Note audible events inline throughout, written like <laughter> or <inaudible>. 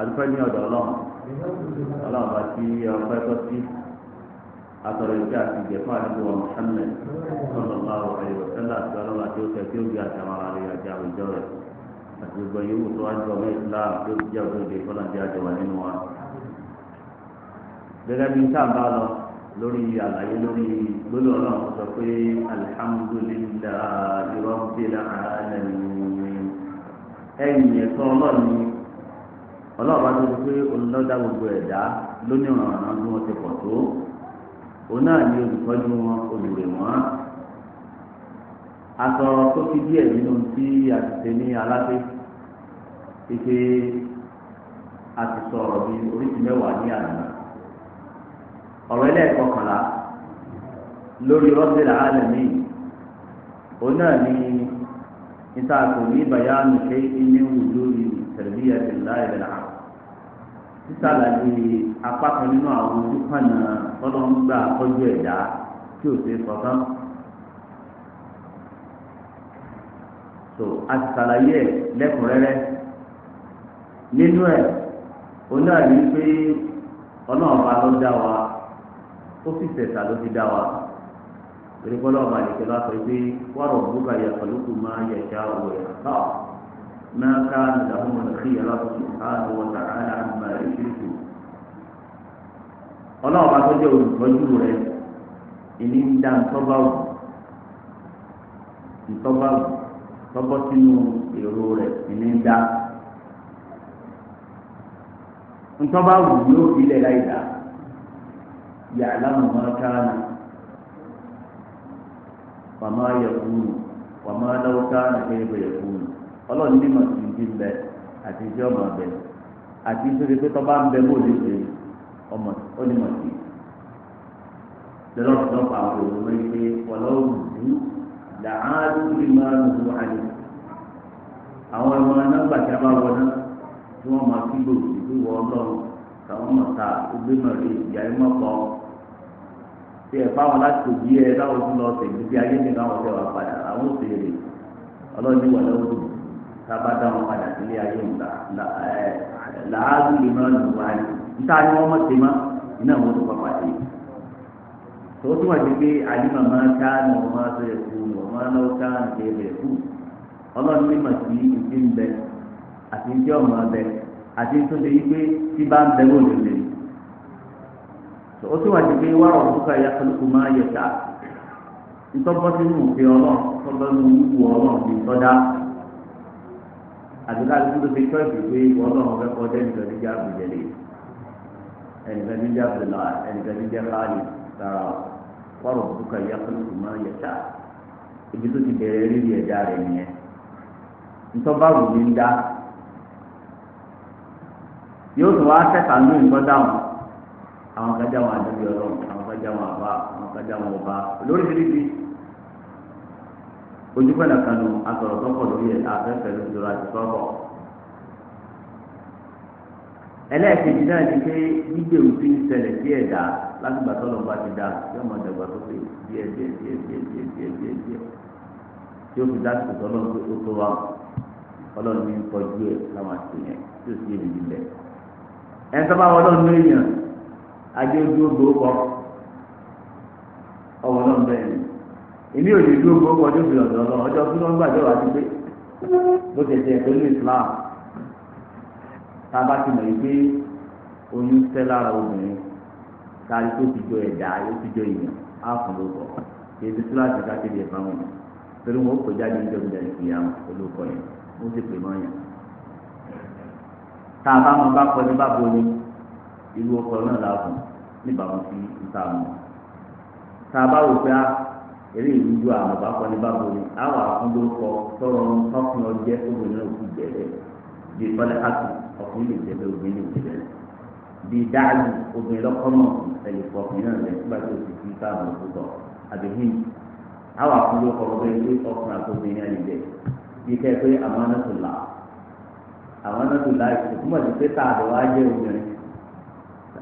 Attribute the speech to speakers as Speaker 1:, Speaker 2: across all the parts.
Speaker 1: adúpẹ́ ní ọ̀dọ̀ ọlọ́run ọlọ́run bá ti ọpẹ́ tó sí atọ̀rọ̀ ìgbẹ́ àti ìgbẹ́fọ́ àdúgbò wa Muhammad sallallahu alaihi wa sallam àti ọlọ́run àti oṣù tí ó gbé àti àwọn ará rẹ̀ àti àwọn ìjọ rẹ̀ àti gbogbo yòówù tó wá jọ ọmọ Islam tó ti jẹ́ òkúròdè fọlá ti àjọ wà nínú wa. gẹ́gẹ́ bí nǹkan bá lọ lórí àlàyé lórí gbólóhùn ọlọ́run sọ pé alhamdulillahi rabbil alamin ẹ̀yìn ẹ̀tọ́ ọlọ́run ọlọ́run bá tóbi pé olùdọ́jà gbogbo ẹ̀dá lóní ìrànlọ́wọ́ bí wọ́n ti pọ̀ tó òun náà ní olùtọ́jú wọn olùwẹ̀ wọn aṣọ tó fi díẹ̀ nínú tí a ti ṣe ní aláṣẹ pípé a ti sọ ọ̀rọ̀ bíi oríṣi mẹ́wàá ní àná ọ̀rọ̀ ẹlẹ́ẹ̀kọkànlá lórí rọ́bìlà alẹ́mí òun náà ní níta ní bàyá nìké inú ìlú tẹ̀lé ẹ̀sìn láì sísàlàyé apá kan nínú àwọn ojúkànnà tọ́lọ́ ń gbà tọ́jú ẹ̀dá tí ò ṣe sọ̀tán. tó a ti sàlàyé ẹ̀ lẹ́kùnrẹ́rẹ́ nínú ẹ̀ onáàlú pé ọlọ́ọ̀ba ló dá wa ó sì tẹ̀sà ló ti dá wa torí kọ́lọ́ọ̀ba àdìgbẹ́ lọ́sọ̀ pé wọ́n rọ̀ bùkà yẹ pẹ̀lú kùmá ṣá òwe ẹ̀ náà. ما كان لهم الخيرة سبحانه وتعالى عما يشركون ọlọ́run bá tó jẹ́ olùtọ́jú rẹ̀ ìní ń dá ntọ́ba wù ntọ́ba wù tọ́bọ́ sínú èrò rẹ̀ ìní ń dá ntọ́ba yóò fi lẹ̀ láì dá yàrá mọ̀mọ́ kánà wàmọ́ yẹ kúrú wàmọ́ lọ́wọ́ kánà kéèké yẹ kúrú ọlọ́run ní mọ̀ sí ibi bẹ àti iṣẹ́ ọmọ bẹ àti iṣẹ́ pé tọ́ bá ń bẹ bó lè ṣe ọmọ ó ní mọ̀ sí lọ́dọ̀ pa àwọn òwe pé ọlọ́run dú làálù lè máa ń lu àlè àwọn ọmọ nọ́mbà tí a bá wọ náà tí wọ́n máa fi gbòòrò ìlú wọ ọlọ́run táwọn mọ̀ ta ogbe mọ̀rẹ́ ìyá ẹ̀ mọ̀kọ́ tí ẹ̀ fáwọn láti òbí ẹ̀ láwọn tún lọ sí ìdíje ayé ní káwọn fẹ́ wà padà àwọn òṣèré ọlọ́run ní wà lọ́wọ́ sábà dá wọn padà sílé ayé ńlá làálù lè máa lù wá ní níta ni wọn mọ̀tẹ́ mọ́ iná wọn tó pàpà dé tó túmọ̀ sí pé àyíká máa ká ní wọn máa tó ẹkú ní wọn máa náwó ká ní ṣe ẹbẹ̀ kú ọlọ́run ní mà sí ìdí ń bẹ àti ìdí ọ̀mọ̀ bẹ àti tó ṣe yí pé tí bá ń bẹ wò lè lè tó túmọ̀ sí pé wàá rọ̀ fúkà yá kálukú máa yẹ ká ntọ́gbọ́sí nù pé ọlọ́run tọ́gbọ́sí nù wù ọlọ́run àdúrà dúró fi tọ́jú pé wọ́n náà fẹ́ kọ́ ẹnìkan ní jẹ́ àbùjẹ́lẹ̀ ẹnìkan ní jẹ́ àbùjẹ́lẹ̀ ẹnìkan ní jẹ́ káàlì sára wọ́rọ̀ bùkà yá kọ́lùkù máa yẹ ta ibi tó ti bẹ̀rẹ̀ rírì ẹ̀dá rẹ̀ nìyẹn ntọ́ba wù mí ń dá yóò tún wá kẹta ní nǹkan dáhùn àwọn kájà wọn àdúgbò ọlọ́run àwọn kájà wọn àbá àwọn kájà wọn ọba lóríṣiríṣi ojúgbọ́nà kanu asọ̀rọ̀ tọ́pọ̀ lórí ẹ̀ afẹ́fẹ́ ló dúró àti tọ́pọ̀. ẹlẹ́ẹ̀kejì náà ni pé gbígbèrú fi ń ṣẹlẹ̀ sí ẹ̀dá látìgbà tọ́lọ̀ bá ti dá yóò máa dàgbà sókè díẹ̀ díẹ̀ díẹ̀ díẹ̀ díẹ̀ díẹ̀ díẹ̀ díẹ̀ tí ó fi dá sí tọ́lọ̀ pé ó tó wa ọlọ́run ní kọjú ẹ̀ láwọn àti yẹn tí ó sì èmi nílẹ̀. ẹ sábà wọn náà ní èèyàn adé èmi ò lè dúró gbogbo ọjọ́ fi ọ̀dọ̀ lọ ọjọ́ tí wọ́n gbàjọ́ wá ti pé bó ti ṣe pẹ̀lú Islam tá a bá ti mọ̀ pé oyún tẹ́ lára obìnrin kárí tó ti jọ ẹ̀dá yóò ti jọ èèyàn á fún lóko ètò kíláàsì ká kéde ẹ̀fọn wọn torí wọn ó pè jáde níjọba ìjà ìpìyà olóko yẹn ó sì pè mọ́ yẹn tá a bá kọ ní bá bomi irú ọkọ náà láàbùn níbàámu sí ìta mọ tá a wò pé a eré ìrújú àwọn ọba kọ́ni bábo ni àwọn àkúndó kọ tọrọ tọkùn ọjẹ obìnrin òkú jẹlẹ bí tọ́lẹ̀ àtù ọkùnrin lè jẹlẹ obìnrin lè jẹlẹ bí dáàlù obìnrin lọ́kọ́mọ̀ ẹ̀lẹ́kọ̀ ọkùnrin náà lẹ̀ nígbà tó ti fi káàmù òkú tọ̀ àbẹ̀hìn àwọn àkúndó kọ obìnrin pé ọkùnrin àti obìnrin lè jẹ bí kẹ́ pé àwọn anátòlá àwọn anátòlá ìtumọ̀ sí pé tá a obìnrin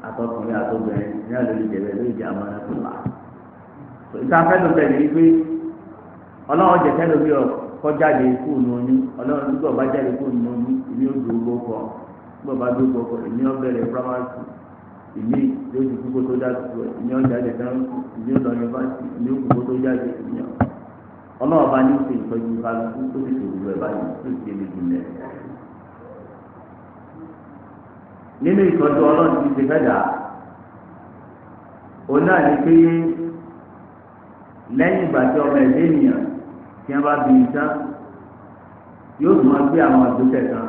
Speaker 1: àtọkùnrin àtọbìnrin ní ìtafẹ́ ló bẹ̀rẹ̀ wípé ọlọ́run jẹ̀kẹ́ ló bí ọ kọjáde kú nù ọlọ́run tó gbọ̀ bá jáde kú nù èmi ò dúró gbọ́kọ̀ gbọ̀ bá dúró gbọ́kọ̀ èmi ò bẹ̀rẹ̀ primary èmi yóò di kúkó tó jáde kú èmi ò jáde dáhùn èmi ò lọ yunifásitì èmi ò kúkó tó jáde èmi ò ọlọ́run bá ní ṣe ìtọ́jú kálukú tó ti tó ti ṣe lè nínú ìtọ́jú ọlọ́run ṣe lẹ́yìn ìgbà tí ọmọ ẹ̀dẹ́ ènìyàn tí wọ́n bá bí i tán yóò tún máa gbé àwọn ìgbésẹ̀ kan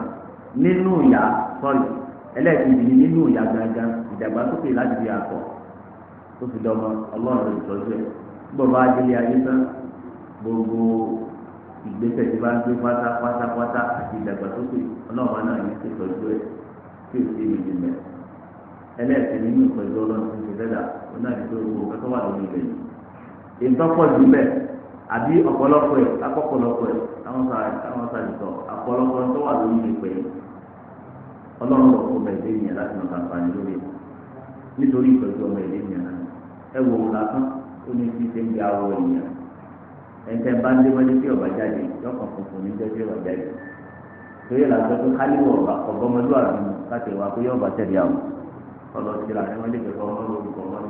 Speaker 1: nínú ìyá sọ́ọ̀lì ẹlẹ́ẹ̀kejì ni nínú ìyá gangan ìdàgbàsókè láti di àtọ̀ tó fi dọ́mọ ọlọ́run ìtọ́jú ẹ̀ gbọ́ bá délé ayé tán gbogbo ìgbésẹ̀ tí bá gbé àti ìdàgbàsókè ọlọ́run náà ẹ̀ tí ò sí ìrìn ẹlẹ́ẹ̀kejì nínú ìtọ́pọ̀ jùlẹ̀ àbí ọ̀pọ̀lọpọ̀ ẹ̀ akọ́pọ̀lọpọ̀ ẹ̀ táwọn sàdìtọ̀ ọ̀pọ̀lọpọ̀ tó wà lórí ìpẹ́ ọlọ́run ọ̀pọ̀ bẹ̀ẹ́dẹ́ yẹn láti máa bàbá lórí nítorí ìtọ́jú ọmọ ẹ̀dẹ́ yẹn ẹ wò lásán ó ní ti ṣe ń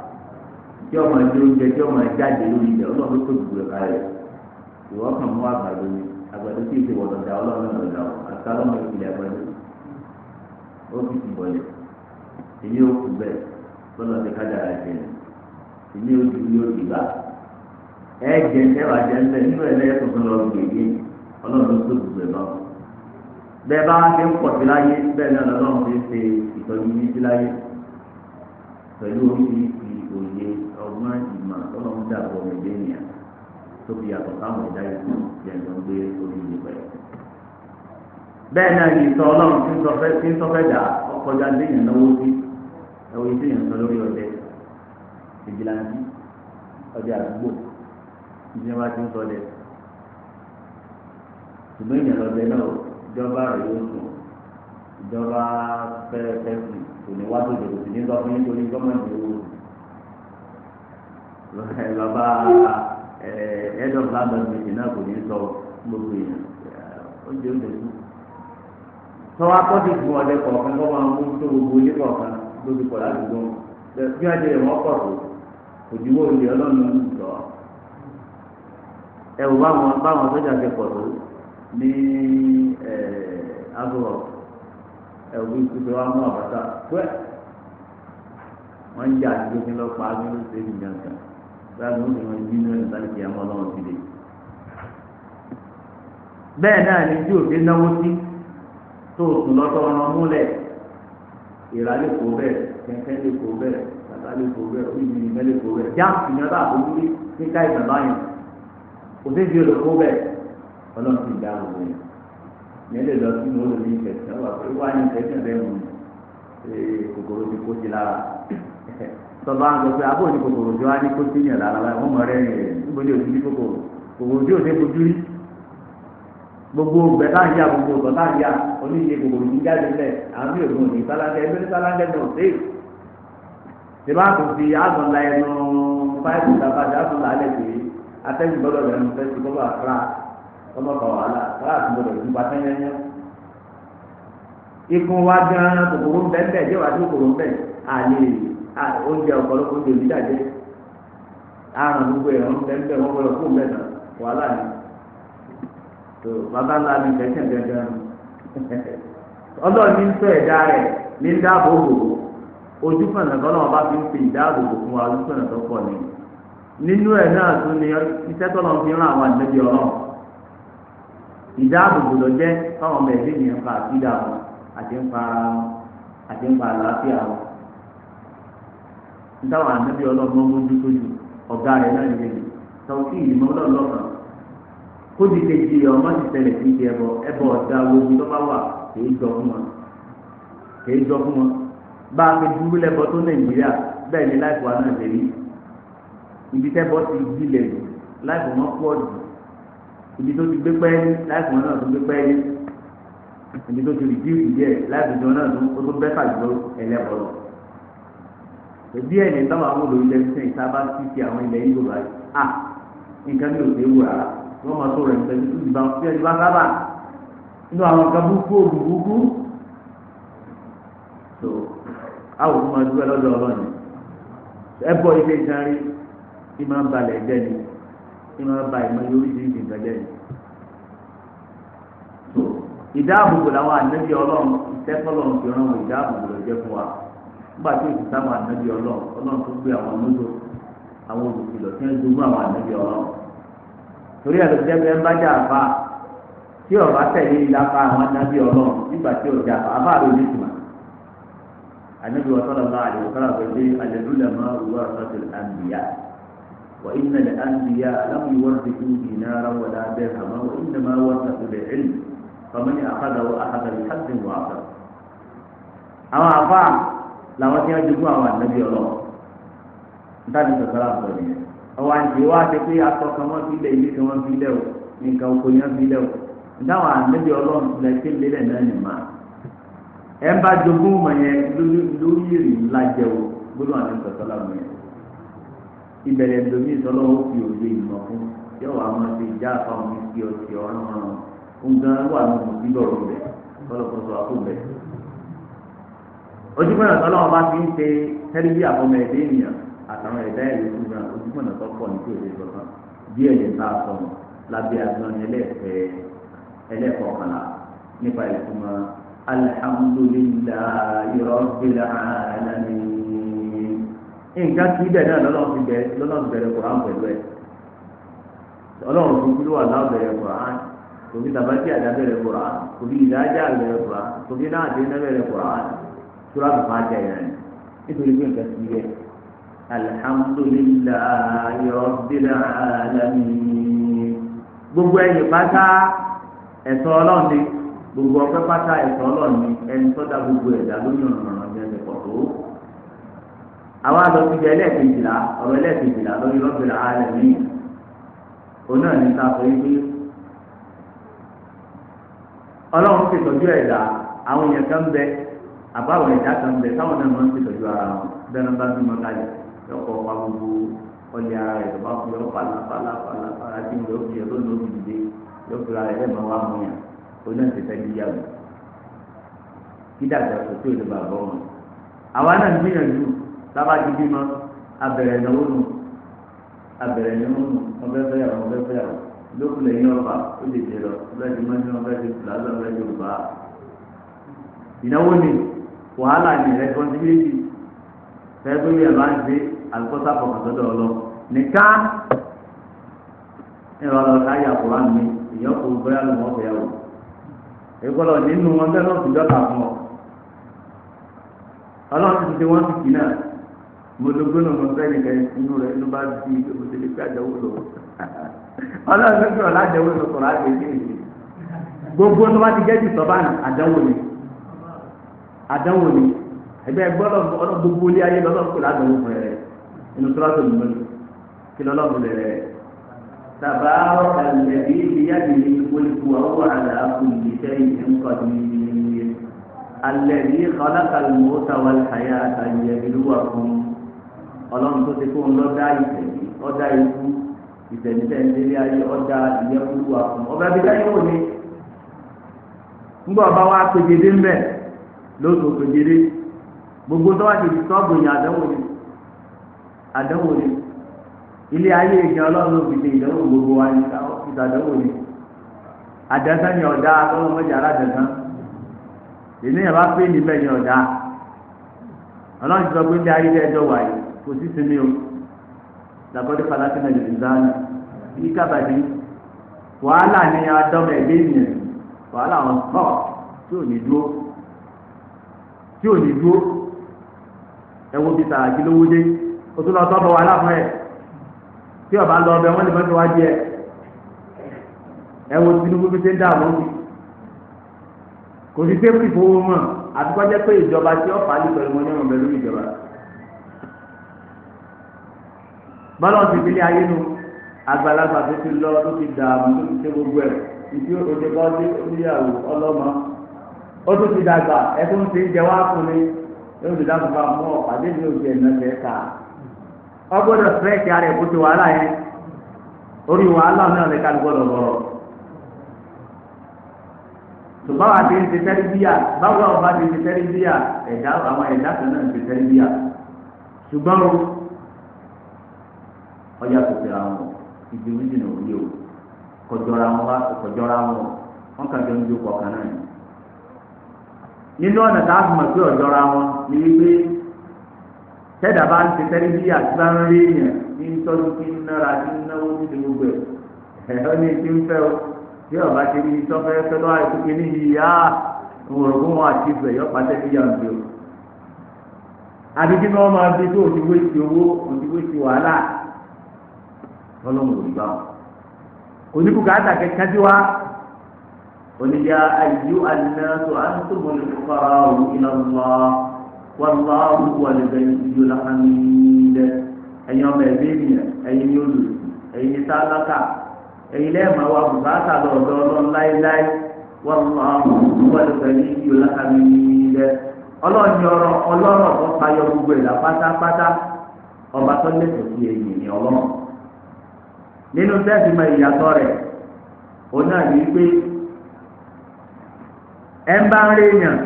Speaker 1: tí ọmọ ẹjọ oúnjẹ tí ọmọ ẹjọ jáde lórí ilẹ̀ tó ìwọ kàn mú àgbàdo ni àgbàdo tí ìṣe dá àgbàdo ó fi ti èmi ò kú tí ká dára jẹ èmi ò dùn ẹwà jẹ nínú ẹ ọgbọ́n ìmọ̀ ọlọ́run dà bọ̀ ọmọ ìdí ènìyàn tó fi yàtọ̀ táwọn ẹ̀dá yìí jẹ̀dọ̀ gbé orí ìlú pẹ̀lú. bẹ́ẹ̀ náà yìí sọ ọlọ́run tí ń sọ fẹ́ dà ọkọjá léèyàn náwó sí ẹwọ sọ lórí ọdẹ ọdẹ àdúgbò ìdílé wa ti ń sọ dẹ ṣùgbọ́n lọ́dẹ náà ìjọba rẹ̀ yóò ìjọba fẹ́ẹ́ fẹ́ẹ́ wá tó <laughs> bàbá eh, head of land administration náà kò ní sọ gbogbo èèyàn ó jẹ́ òde kú. sọ́wọ́ akọ́dì fún ọdẹ kọ̀ọ̀kan kọ́ máa ń mú tó gbogbo ilé kọ̀ọ̀kan lórí kọ̀ ládùúgbò bí wọ́n tó olè ń sọ. báwọn tó ní eh, bí wa mú àbáta àdúgbò kí pa á gbàgbọ́ ní wọn bí mílíọ̀nù sálíkì àmọ́ ọlọ́run ti lè. bẹ́ẹ̀ náà ni bí òde náwó sí tó o sùn lọ́tọ́ ọ̀ràn múlẹ̀ ìrà lè kó bẹ́ẹ̀ kẹ̀kẹ́ lè kó bẹ́ẹ̀ bàbá lè kó bẹ́ẹ̀ onímìnì mẹ́ lè kó bẹ́ẹ̀ jáàpù ní ọba àbójúlé níka ìgbàgbá yẹn òde bí olè kó bẹ́ẹ̀ ọlọ́run ti dá òun yẹn yẹn lè lọ sí ní olè ní ìfẹ̀sẹ̀ wà pé wá ní bẹ́ẹ̀ mú kòkòrò ti kó ti lára tọ́ba ń sọ pé abó ní kòkòrò tí wọ́n á ní kó sí yàn lára wa wọ́n mọ̀ rẹ́ rìn níbo ni òsì ní kòkòrò kòkòrò tí òsè fojú rí gbogbo ọgbẹ náà yà gbogbo ọgbẹ náà yà oníṣe kòkòrò ní jáde lẹ àmì òògùn ní sálángẹ ẹgbẹ ní sálángẹ náà ṣe é ṣe máa tún fi àgùn la ẹnu fáìlì tàbátì àgùn la alẹ pé atẹ́jú gbọdọ̀ lẹ́nu fẹ́ẹ́ ti gbọdọ̀ àkàrà ọmọ kan wàhálà kàrà àti gbọdọ̀ ìlú pa tẹ́yẹ́yẹ́ ikùn wa gan kòkòrò ń bẹ́ẹ̀ bẹ́ẹ̀ jẹ́wàá tó kòkòrò ń bẹ́ẹ̀ àlè oúnjẹ ọ̀pọ̀lọpọ̀ oúnjẹ òbí dàjẹ́ àrùn gbogbo ẹ̀ wọ́n fẹ́ fẹ́ wọ́n gbọ́dọ̀ fún mẹ́ta wàhálà ni tó bàbá ńlá mi fẹ́sẹ̀ gẹ́gẹ́ ọlọ́ọ̀ni ń fẹ́ ẹ̀dá rẹ̀ ní dáàbòbò ojú fẹ̀nà kan náà bá fi ń fi ìdáàbòbò fún wa ojú fẹ̀nà tó pọ̀ ni nínú ẹ̀ náà tún ni iṣẹ́ tọ́lọ́ fi rán àwọn àdébí ọlọ́run ìdáàbòbò lọ jẹ́ fáwọn ọmọ ẹ̀dẹ́ yẹn fa àti ìdáàbò àti ń pa ara wọn àti ń pa àlàáfíà wọn nítawọn ànábì ọlọ́gbọ́n mójú tójú ọ̀gá rẹ̀ náà lè lè sọ kí ìlú ọlọ́ọ̀lọ́kan kó di kejì ọmọ ti tẹ̀lé sí ibi ẹbọ ẹbọ ọ̀dà ogun tó bá wà kèé jọ fún wọn kèé jọ fún wọn bá a fi dúró lẹ́bọ tó nàìjíríà bẹ́ẹ̀ ni láìpọ̀ àná ìbẹ̀rí ibi tẹ́bọ ti gbilẹ̀ lò láìpọ̀ wọn pọ̀ jù ibi tó ti gbé pẹ́ẹ́lí láìpọ̀ wọn náà tó gbé pẹ́ẹ́lí ibi tó ti rìdíù ìdíẹ̀ láìpọ̀ wọn náà tó bẹ́ẹ̀ fà jù lọ ẹbí ẹ̀ ní táwọn àwọn olórí lẹ́sìn ìsábà ti fi àwọn ilẹ̀ yìí lòlá yìí à nǹkan ní òde wù rárá wọ́n máa tó rẹ̀ ń tẹ́lẹ̀ tó ìbá fi ẹ̀dí bá sábà nínú àwọn kan búkú òbí búkú tó àwọn òkú máa dúpẹ́ lọ́dọ̀ ọlọ́ọ̀ni ẹ bọ́ ilé ìdarí kí máa balẹ̀ jẹ́ ni kí máa ba ìmọ̀ yóò rí ìdí nǹkan jẹ́ ni tó ìdáàbòbò làwọn ànábì ọlọ́run ìtẹ́kọ́ lọ́run fi ràn wọ́n nígbà tí èsì sáwọn ànábì ọlọ́run ọlọ́run tó gbé àwọn lójó àwọn olùkìlọ̀ tí wọ́n jogún àwọn ànábì ọlọ́run torí ẹ̀ ló jẹ́ pé ń bá jà àfa tí ọba tẹ̀lé ìlàpá àwọn ànábì ọlọ́run nígbà tí ọjà àfa àfa rẹ̀ ní ìtumọ̀ ànábì wọ́sọ̀rọ̀ bá àdìgbò kọ́lá pẹ̀lú àlẹ́lúlẹ̀ máa wù wá sọ́tìl àǹbìyà وإن الأنبياء لم يورثوا دينارا ولا درهما وإنما ورثوا العلم فمن أخذه أخذ بحد وعقل àwọn àfa làwọn tí wọn jogún àwọn ànábì ọlọ́run nítorí sọ̀tọ́lá sọ nìyẹn ọwọ́ àǹtí wá ti pé aṣọ kan wọ́n fi lẹ̀ ilé kan wọ́n fi lẹ̀ o nǹkan oko yẹn fi lẹ̀ o nítawọn ànábì ọlọ́run ti lẹ̀ kéde lẹ̀ náà nì máa ẹ ń bá jogún mọ̀ yẹn lórí ìrì ńlá jẹ o gbọ́dọ̀ àti sọ̀tọ́lá mọ̀ yẹn ìbẹ̀rẹ̀ domi sọlọ́ ó fi òde ìmọ̀ fún yóò wá máa ti ìjà àfàwọn ìfi ọ̀sẹ̀ ọ̀rọ̀ ọ̀rọ̀ nǹkan wà ojúmọ̀nà tó lọ́wọ́ bá fi ń ṣe tẹ́lifí àfọmọ ẹ̀dẹ́ ènìyàn àtàwọn ẹ̀dá ẹ̀rọ ìṣúná ojúmọ̀nà tó pọ̀ ní kí òde sọ̀tàn bí ẹ̀yẹ bá a sọ̀rọ̀ lábẹ́ agbọ́n ẹlẹ́ẹ̀kọ̀ọ̀kànlá nípa ìṣúná alhamdulillahi rabbil alamin. nǹkan kí bẹ́ẹ̀ náà lọ́lọ́run ti bẹ̀rẹ̀ kùrán pẹ̀lú ẹ̀ ọlọ́run ti kúló wà lábẹ́rẹ̀ kùrán tòbí tàbátì àdábẹ́rẹ̀ kùrán tòbí ìdájà àbẹ̀rẹ̀ kùrán tòbí náà àdé náà bẹ̀rẹ̀ sura tó fà jẹ yẹn nítorí pé nǹkan ti yẹ alihamudulilayi rabbil alamin gbogbo ẹyẹ pátá ẹ̀tọ́ Ọlọ́run ni gbogbo ọpẹ́ pátá ẹ̀tọ́ Ọlọ́run ni ẹni tó dá gbogbo ẹ̀dá lórí ọ̀nà ọ̀nà ìjẹsẹ pọtó àwọn àlọ́síbi ẹlẹ́ẹ̀kejìlá ọ̀rọ̀ ẹlẹ́ẹ̀kejìlá lórí rabbil alamin òun náà ní sáfọ yìí pé Ọlọ́run ti tọ́jú ẹ̀dá àwọn èèyàn kan bẹ àbáwọ̀ ẹ̀dá kan bẹ táwọn náà máa ń tẹ̀sọ̀jú ara wọn bẹ́ẹ̀ bá bímọ kalẹ̀ lọ́kọ̀ ọ̀pá gbogbo ọlẹ́ ara rẹ̀ lọ́ba fún yọ pàlà pàlà pàlà pàlà tí mo lọ́ọ́ fi ẹ̀ lónìí òbí dìde lọ́kọ̀ ara rẹ̀ máa wá mú yàn ó náà ti fẹ́ di yàgò kídà ìdàgbàsó tó ìlú bàbá wọn. àwa náà gbìyànjú lábá ti bímọ abẹ̀rẹ̀ náwó nù abẹ̀rẹ̀ náwó nù ọbẹ̀ fẹ́yàwó ọbẹ̀ fẹ́yàwó ọba ó lè dè lọ ọbẹ̀ ti mọ́ ní ọbẹ̀ ti fìlà ọbẹ̀ ti rùbá ìnáwó nìyí wàhálà ní rẹ́kọ́ndínlẹ́tì fẹ́ẹ́gbẹ́lì ẹ̀ bá ń gbé àlùkọ́sà pọ̀ kàtọ́dọ̀ ọlọ nìka ẹ̀rọ ọlọ́ọ̀ká yà kó wàá mi èèyàn kò bẹ́ẹ̀ lọ́wọ́ bẹ́ẹ̀ wò ìkọlọ̀ nínú wọn bẹ́ẹ̀ lọ́ọ̀tù jọ́ta fún ọ ọlọ́run ti ti wọ́n ti kì náà mo ló gbóná mo fẹ́ nìkan inú rẹ̀ ló bá di mo ti lè fi àjẹwò lọ ọlọ́run ló sọ̀rọ̀ lájẹwò lọ sọ̀rọ̀ àjẹwò gbogbo ní wọ́n ti gẹ́jù sọ́bàánù àjẹwò ni àdánwò ni ẹgbẹ́ gbọ́dọ̀ ọ̀nà gbogbo ilé ayé lọ́dọ̀ kò ládàáwò fún rẹ̀ inú sọ́dọ̀ mi lọ́dọ̀ kí lọ́dọ̀ mi rẹ̀ tàbárọ̀ àlẹ́bí ìyáàdì ní olùkú àwọn àlàáfù ìṣe ìṣẹ́ńkọ̀dì àlẹ́bí kọ́lákàlù mọ́tà wà láyà àtàyẹ̀bìlúwà fún ọlọ́run tó ti fún lọ́dá ìtẹ̀lẹ́ ọ̀dá ikú ìtẹ̀lẹ́ tẹ̀lé ayé ọ̀dá ìyẹ́kúlúwà fún ọ̀bẹ lóòótọ́ òkèjèrè gbogbo tó wá ti sọ sọ́ọ̀bù àdánwò ni àdánwò ni ilé ayé ìjẹun ọlọ́run ló fi ṣe ìdánwò gbogbo wa ní ìsàdánwò ni àdẹ́sán ni ọ̀dá ọlọ́run mọ́jà ènìyàn bá pé níbẹ̀ ni ọ̀dá ọlọ́run ti sọ pé ayé ẹjọ́ kò sí sinmi o làkọ́dé lè fi kábàdí wàhálà ni ènìyàn wàhálà wọn tí ò ní dúró ẹ̀wọ̀n bíi tààjì lówó dé o tún lọ tọ́ bọ̀ wà láàfin ẹ̀ tí ọba lọ ọbẹ̀ wọ́n lè mọ́tò wá jẹ ẹ̀wọ̀n Tinubu fi ṣe ń dààmú bí kò sí sẹ́kù ìfowópamọ́ àtikọ́jẹ́ pé ìjọba tí ọ̀fà lè pẹ̀lú wọn yẹn pẹ̀lú ìjọba bọ́lọ́ọ̀sì ìdílé ayé nu àgbàlagbà tó ti lọ tó ti dààmú tó ti ṣe gbogbo ẹ̀ ìdí òde bá dé oníyàwó ọlọ́mọ ó tún ti dàgbà ẹtún ti ń jẹ wá fún mi yóò ti dáàbò bá mú ọ̀pá débi òjì ẹ̀ náà kà á ọgbọ́dọ̀ fẹ́ẹ̀kì ara ẹ̀ kó ti wàhálà yẹn orí wàhálà náà lè gbọ́dọ̀ wa ti ń ti tẹ́lí bíyà báwo àwọn ti ń ti tẹ́lí bíyà ẹ̀dá àwọn ẹ̀dá kan náà ń ti tẹ́lí bíyà ṣùgbọ́n o ọjà kò fi ra wọn ìdí náà nínú ọ̀nà tá a fi mọ̀ pé ọ̀dọ́ra wọn ni wípé tẹ́dà bá ń ṣe tẹ́lifí àti bá ń rí èèyàn ní tọ́jú kí ń nára kí ń náwó ní gbogbo ẹ̀ ẹ̀ ọ́ ní ti ń fẹ́ o tí ọba ti rí tọ́fẹ́ fẹ́ lọ́wọ́ àìsí kí ní ìyá òwòrán wọn àti ìfẹ́ yọ pàṣẹ ní ìyá òǹdè o. àbí kí wọ́n máa bí tó òdìwé ti owó òdìwé ti wàhálà ọlọ́run ò ní bá wọn. wá قل يا أيها الناس أنتم الفقراء إلى الله والله هو الغني الحميد أيام الدنيا أي يولد أي سالكا أي لما وابغاتا لودون لاي لاي والله هو الغني الحميد ọlọ́ọ̀ni ọ̀rọ̀ ọlọ́rọ̀ tó payọ gbogbo ìlà pátápátá ọba tó lẹ́sẹ̀ sí ẹ̀yìn ní ọlọ́run nínú sẹ́ẹ̀sì mọ ìyàtọ̀ rẹ̀ òun náà ní pé ẹ ń rí èèyàn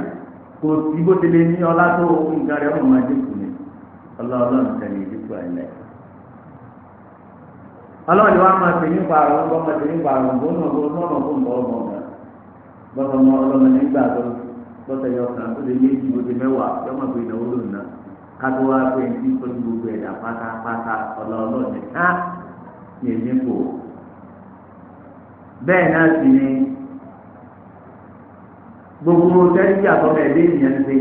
Speaker 1: kò sí bó ti lè ní ọlá tó nǹkan rẹ̀ ọ̀nà máa dínkù ni ọlọ́ọ̀lọ́ọ̀ tẹ̀lé dínkù ẹ̀lẹ́ ọlọ́ọ̀ni wa máa tẹ̀lé nípa àrùn máa náà ọmọ ọ̀gá ọmọ nígbà tó yọ tó lè bó ti mẹ́wàá ìnáwó kátó wá pé tí gbogbo ẹ̀dá gbogbo tẹ́lifí àtọ́mọ ẹ̀dẹ́ ìyẹn ti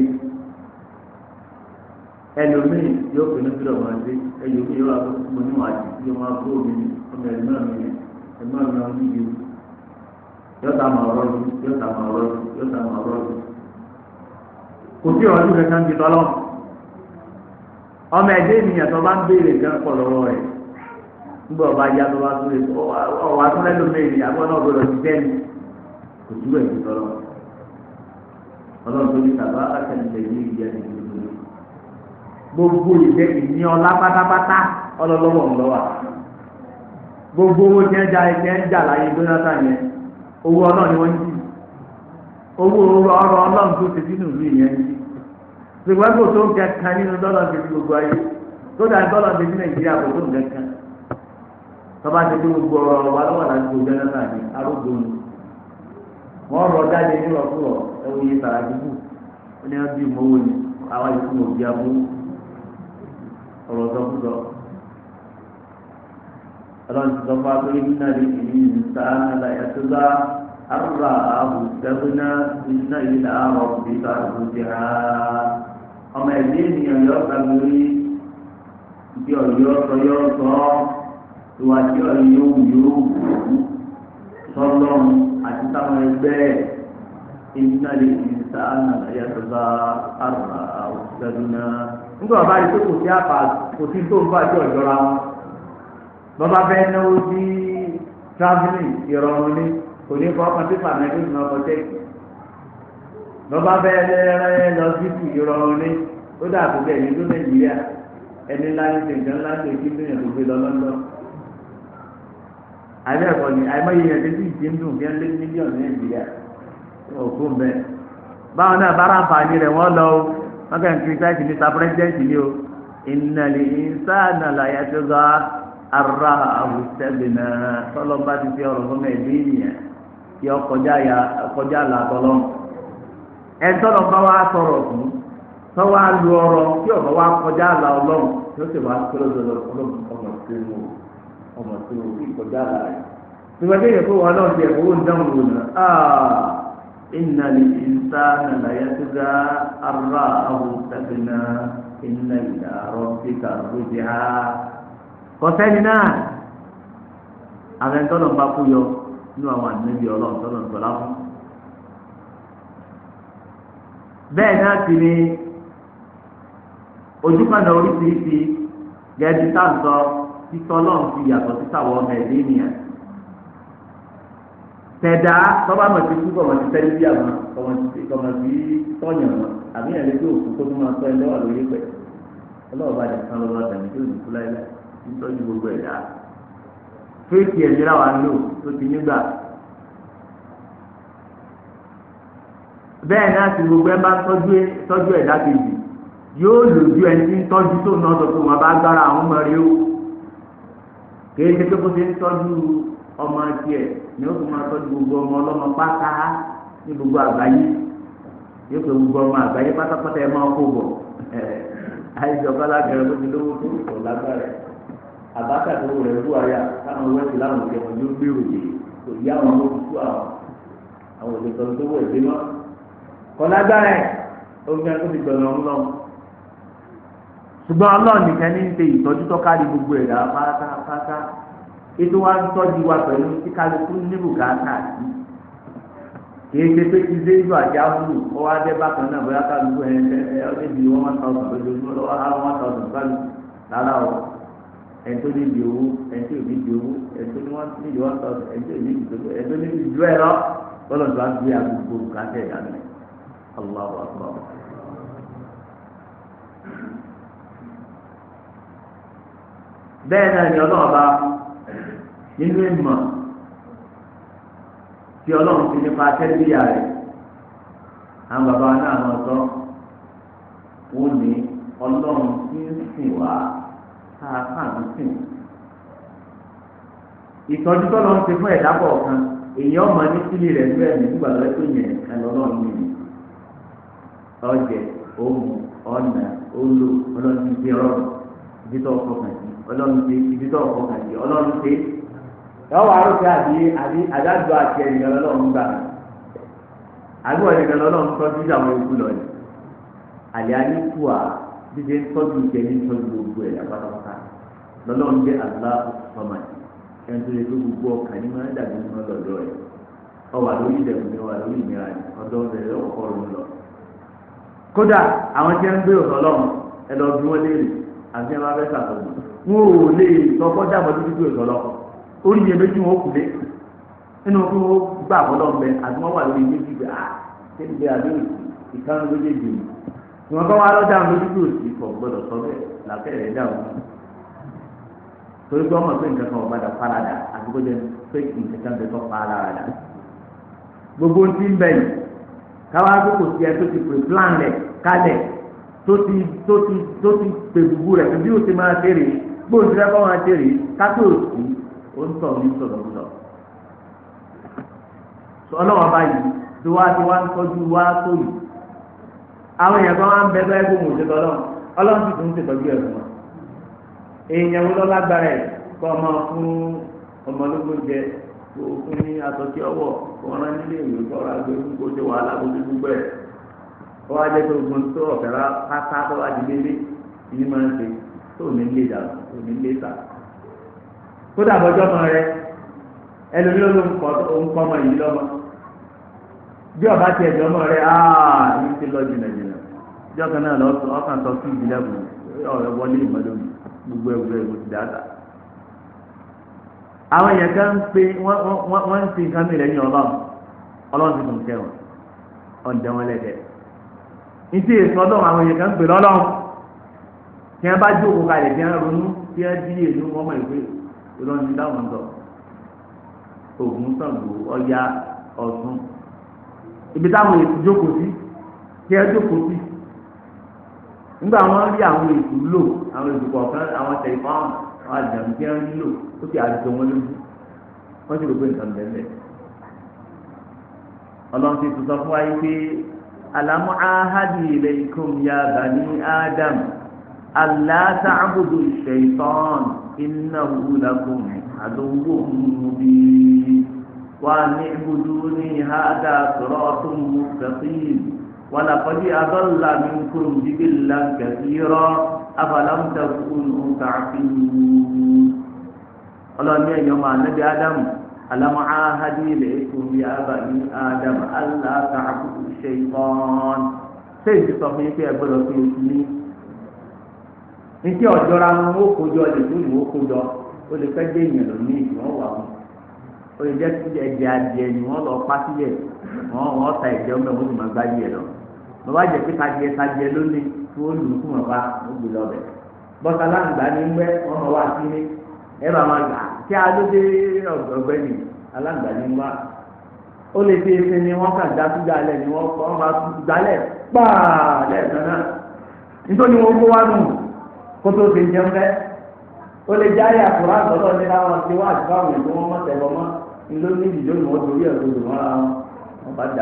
Speaker 1: ẹlòmíì yóò fi ní kí lọ́wọ́ ẹ̀dẹ́ ẹlòmíì yóò wá mo ní wàá jù kí wọ́n á kó omi ní ọmọ ẹ̀dẹ́ náà mi ẹ̀ máa mi ọmọ yìí yọta máa rọ ju yọta máa rọ ju yọta máa rọ ju kò sí ọ̀rọ̀ nígbà kan ti tọ́lọ́ ọmọ ẹ̀dẹ́ ènìyàn tó bá ń béèrè gan pọ̀ lọ́wọ́ rẹ̀ nígbà ọba ajá tó bá tún lè ọwọ́ ọlọ́run tó ní tàbá àtẹnudẹ ní ìyá ìdúró gbogbo ìjẹ ìní ọlá pátápátá ọlọ́lọ́wọ́ gbogbo owó ja ń jà láyé yẹn owó ọlọ́run ni wọ́n ń jì owó ọrọ̀ ọlọ́run tó ti sínú ìlú ń jì ṣùgbọ́n kò tó ń kẹ kan nínú gbogbo ayé tó nàìjíríà kò tó ń kẹ kan wọ́n rọ jáde ní ọ̀fúnwọ̀ ẹ̀wù yìí tàrà dúdú ó ní ọdún ìmọ̀wó ni àwa yìí fún òbí abú ọ̀rọ̀ sọkúsọ. ọlọ́run ti sọ fún akéré nínú àlè ìlú ìlú sáà nígbà yàtọ̀ bá àrùbà ààbò sẹ́gbẹ́ná nínú ìlà àrọ̀ bíbá àbújá ha. ọmọ ẹ̀dẹ́ ènìyàn yọ kàlórí bí ọ̀yọ́ sọyọ́ sọ ìwà tí ọ̀yọ́ wù yóò wù sọ́lọ́run àti táwọn ẹgbẹ́ ìdínàlè ìdínsá nàìjíríà tó bá àrùn àwùjọ náà nígbà bá rí pé kò sí àpà kò sí tó ń bá tí ọ̀jọ́ra wọn bàbá bẹ́ẹ̀ náwó sí travelling ìrọ̀rùn ní kò ní kọ́ ọkàn pípa mẹ́rin ní ọkọ̀ tẹ́kì bàbá bẹ́ẹ̀ lẹ́rẹ́ lọ sí ìrọ̀rùn ní ó dà tó bẹ́ẹ̀ ní tó Nàìjíríà ẹni ńlá ní tẹ̀sán ńlá tó kí lóyún tó gbé àbí ẹ̀kọ́ ni àìmọye yẹn tẹ́tí ìdí ń dùn fi ń lé mílíọ̀nù nàìjíríà wọn ò kó mbẹ. náà bára àǹfààní rẹ̀ o o ara ti fi ọ̀rọ̀ fún mẹ́ẹ̀ẹ́dẹ́ ènìyàn kí ọkọjá làbọ̀lọ́ ẹ̀ńtọ́lọ́ bá wa sọ̀rọ̀ fún tọ́wọ́ á lu kí wa kọjá tí ó sì wá ọmọ ọmọ tó o fi kọjá àlà rẹ̀ tìwádìí yẹ kó wọn náà jẹ owó dáhùn wò ná a inna lè nta nana ya tó ga ara àwọn tàbínà inna ìdá arọ fíkà lóde ha kọsẹ́ni náà àwọn ẹni tọ́lọ̀ ń bá kú yọ nínú àwọn àníbi ọlọ́run tọ́lọ̀ ń tọ́lá fún bẹ́ẹ̀ náà ti ní ojúkànnà oríṣiríṣi gẹ́gẹ́ bí táà ń sọ títọ́lọ́ ń fi yàtọ̀ títàwọ̀ ọmọ ẹ̀dẹ́ ènìyàn tẹ̀dá tọ́ba mọ̀ ti kú kọ̀ mọ̀ ti tẹ́lẹ̀ bí àmọ́ kọ̀ mọ̀ ti tọ́yàn mọ́ àmì ẹ̀rẹ́ tó kú tó tó máa tọ́ ẹ lọ́wọ́ lórí pẹ̀ ọlọ́wọ́ bá dẹ̀ kan lọ́wọ́ dàní tó dùn fúláyé láì nítorí gbogbo ẹ̀dá fèkì ẹ̀dí làwọn ń lò tó ti nígbà bẹ́ẹ̀ náà ti gbogbo ẹ bá tọ́jú ẹ̀dá kejì yóò lòdù ẹni tí ń tọ́jú tó náà sọ pé wọn bá gbára àwọn mọ̀ o kìí ṣe pé bó ṣe ń tọ́jú ọmọ tiẹ̀ ni ó fi máa tọ́jú gbogbo ọmọ ọlọ́mọ pátá ní gbogbo àgbáyé yóò fi gbogbo ọmọ àgbáyé pátápátá ẹ máa kó bọ̀ <laughs> àìsàn kọ́lá gẹ̀rẹ́ bó ti lówó tó kò lágbára àbáta tó rẹ̀ bú àyà táwọn wẹ́ẹ̀sì láwọn ìjẹ́ wọn yóò gbé òde kò yí àwọn ọmọ ó fi hàn tó ti gbọ̀nà ọ̀hún lọ́wọ́. ṣùgbọ́n ọlọ́run n'i ní ṣe ìtọ́jú tó kárí gbogbo ẹ̀dá pátápátá ètò wa ń tọ́jú wa pẹ̀lú kíkálukú níbù káàkà sí kìí ṣe pé ti zéjú àti áwùrù ó wá dé bákan náà bóyá kálukú ẹ̀ ẹ ọdún bíi wọ́n máa tọ́sùn lójoojúmọ́ lọ́wọ́ á wọ́n tọ́sùn kálù lára o ẹ̀ tó níbi owó ẹ̀ tó níbi owó ẹ̀ tó níbi ẹ̀ tó níbi ẹ̀ tó níbi ẹ̀ lọ bọ́lọ̀ tó wá gbé bẹ́ẹ̀ náà ni ọlọ́ọ̀ba nínú ìmọ̀ tí ọlọ́run ti nípa tẹ́lifíyà rẹ̀ àwọn bàbá náà lọ sọ wọ́n ní ọlọ́run tí ń sìn wá tá a kàn ń sìn. ìtọ́jú tọ́lọ́ ń ṣe fún ẹ̀dá kọ̀ọ̀kan èyí ọmọ ní rẹ̀ nígbà tó yẹn ohun ọ̀nà ọlọ́run ṣe ibi tó ọkọ kàn yìí ọlọ́run ṣe lọ́wọ́ arúgbó àti àbí àdájọ àti ẹ̀yìn ọlọ́run gbà àgbọ̀ ẹ̀yìn ọlọ́run tọ́jú àwọn ikú lọ yìí àlẹ́ ayé kú à dídé tọ́jú ìjẹ́ ní tọ́jú gbogbo ẹ̀ lápátápátá lọ́lọ́run jẹ́ àlá ọmọ ẹni tó lè tó gbogbo ọkàn ní máa ń dàbí mọ́ lọ́dọ̀ ẹ̀ ọwà lórí ìdẹ̀kùn ni ọwà lórí ìmìíràn ni ọdọ ọ̀rẹ́ ọ̀kọ́ ló ń lọ. kódà àwọn tí wọ́n ń gbé ọ̀rọ̀ lọ́wọ́ ẹ lọ bí wọ́n léèrè àti ẹ máa fẹ́ sàkóso wọn ò lè sọkọ́ dàbọ̀ tó dúdú ìtọ́ lọ orí yẹn méjì wọn kù lé nínú kí wọn gbà bọ́lọ̀ mbẹ àti wọn wà lórí méjì gbé a kéde bí abẹ́ ìkànnì méjèèjì ni wọn bá wà lọ́jà méjì òsì kọ̀ gbọ́dọ̀ sọ bẹ́ẹ̀ làkẹ́rẹ́ dà wọn torí pé ọmọ pé nǹkan kan ọ̀gbádà farada àti kó jẹ pé nǹkan kan bẹ tó farada gbogbo ń ti ń bẹ yìí káwá tó kò sí ẹ tó ti pè plan rẹ kalẹ̀ tó ti tó ti tó ti pè gbogbo rẹ bí o ti máa ṣe rèé. gbóòn ti lẹ́kọ̀ọ́ máa tẹ̀lé kátó òkú ó ń tọ̀ ní sọ̀rọ̀sọ̀rọ̀ ọlọ́wọ́ báyìí tí wàá ti wá ń tọ́jú wá sóyè àwọn èèyàn kan máa ń bẹ bẹ́ẹ̀ kó mò ń ṣe tọ́lọ́ ọlọ́run sì tún ń ṣètọ́jú èèyàn lágbára ẹ̀ kọ́ ọmọ fún jẹ kó fún ní ọwọ́ kó wọn nílé ìwé kó ṣe wàhálà kó ṣe gbogbo ẹ̀ kó wá jẹ́ pé ogun tó òní lẹ́tà kódà bọ́jọ́ mọ rẹ ẹlòmí ló ń kọ́ ọmọ yìí lọ́mọ bí ọba tiẹ̀ jọ mọ rẹ áà ní ti lọ jìnnà jìnnà jọ́ kan náà lọ́sọ ọkàn sọ sí ìbílẹ̀ bù ọ̀rẹ́ wọlé ìmọ̀lómi gbogbo ẹgbẹ́ ìwò ti dáadáa àwọn èèyàn kan ń pe wọ́n ń sin nǹkan mìíràn ní ọlọ́run ọlọ́run ti dùn kẹwọn ọ̀dẹ̀ wọn lẹ́dẹ̀ ní tí èso ọlọ́run àwọn èèyàn kan ń pè lọ́lọ́run tí wọ́n bá jókòó kalẹ̀ tí wọ́n ronú tí ẹ bí èyí wọ́n mọ̀ ìwé ìlọ́ni dáwọn ń lọ Ògún Ṣàngó Ọya Ọ̀ṣun ibi táwọn èsì jókòó sí tí ẹ jókòó sí nígbà wọn rí àwọn èsì lò àwọn èsì kọ̀ọ̀kan àwọn tẹlifáwọn àwọn àjàmù tí wọn rí lò ó sì àjọ wọn lójú wọn sì rò pé nǹkan bẹ̀rẹ̀ ọlọ́run ti sọ fún wa yìí pé alamu ahadi ilaykum ya bani adam. Allah ta'budu shaytan innahu lakum aduwwun mubin wa ni'buduni hadha siratun mustaqim wa laqad adalla minkum jibillan kathira afalam takunu ta'qilun ọlọ́ni ẹ̀yọ́ máa nẹ́bí ádámù alámọ́háhádì ilẹ̀ ètò bí ábà ní ádámù aláàtà àkókò ṣe ìfọ́n ṣé ìdí sọ fún yín ẹgbẹ́ lọ sí oṣù ní nke ọ̀jọ́ra wọn ó kójọ lè fún ìwọ kójọ ó lè fẹ́ dé èèyàn ló ní ìwọ wà wọn ó lè jẹ́ kí ẹ̀jẹ̀ adìẹ ni wọ́n lọ pa sílẹ̀ wọ́n wọ́n ta ẹ̀jẹ̀ ọmọ ìwọ́n sì máa gbá díẹ̀ lọ bàbá jẹ́ pé ọba ó gbé láǹgbà ní sí ní bá máa gbà kí ọ̀gbẹ́ni aláǹgbà ní kótó ti ń jẹun bẹ́ẹ̀ ó lè jáde àkùrá àgbọ̀dọ̀ ní láwọn ti wá àti báwọn ètò wọn mọ̀tẹ́ bọ́ mọ́ ní ló ní ìdíjọ́ torí wọn bá wọn bá ní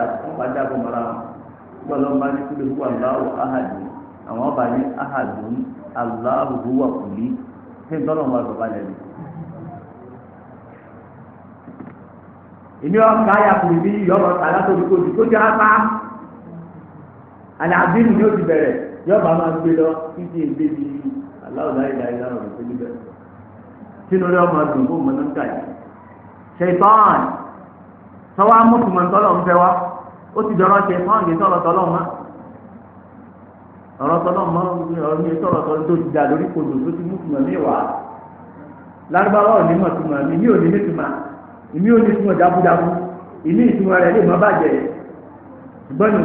Speaker 1: àwọn ọba ní ahadùn wà kùlí ṣé tọ́lọ̀ wọn bàbá yẹn ni. èmi ọ̀ka ayàkùnrin bí yọ̀rọ̀ tàlá tóbi kó àlàbí ni yóò ti bẹ̀rẹ̀ aláwọ̀ láyé láyé láwọn ọ̀rọ̀ tó níbẹ̀. sínú rẹ ọmọ àdùn kó mọ̀ nígbà yìí. ṣètọ́n sọ́wọ́ amútùmọ̀ ntọ́lọ̀ ń fẹ́ wá ó ti dọ̀rọ̀ ṣètọ́n yìí tọ̀rọ̀ tọ́lọ̀ mọ́. ọ̀rọ̀ tọ́lọ̀ mọ́ ọ̀rọ̀ yìí tọ̀rọ̀ tọ́lọ̀ tó ti dà lórí kodò tó ti mútùmọ̀ mí wá. lárúbáwá ò ní mọ̀ tùmọ̀ mi mi ò ní nítumọ̀ ìmí ò ní túmọ̀ dábúdábú ìmí ìtumọ̀ rẹ̀ lè mọ́ bàjẹ́ ṣùgbọ́n ní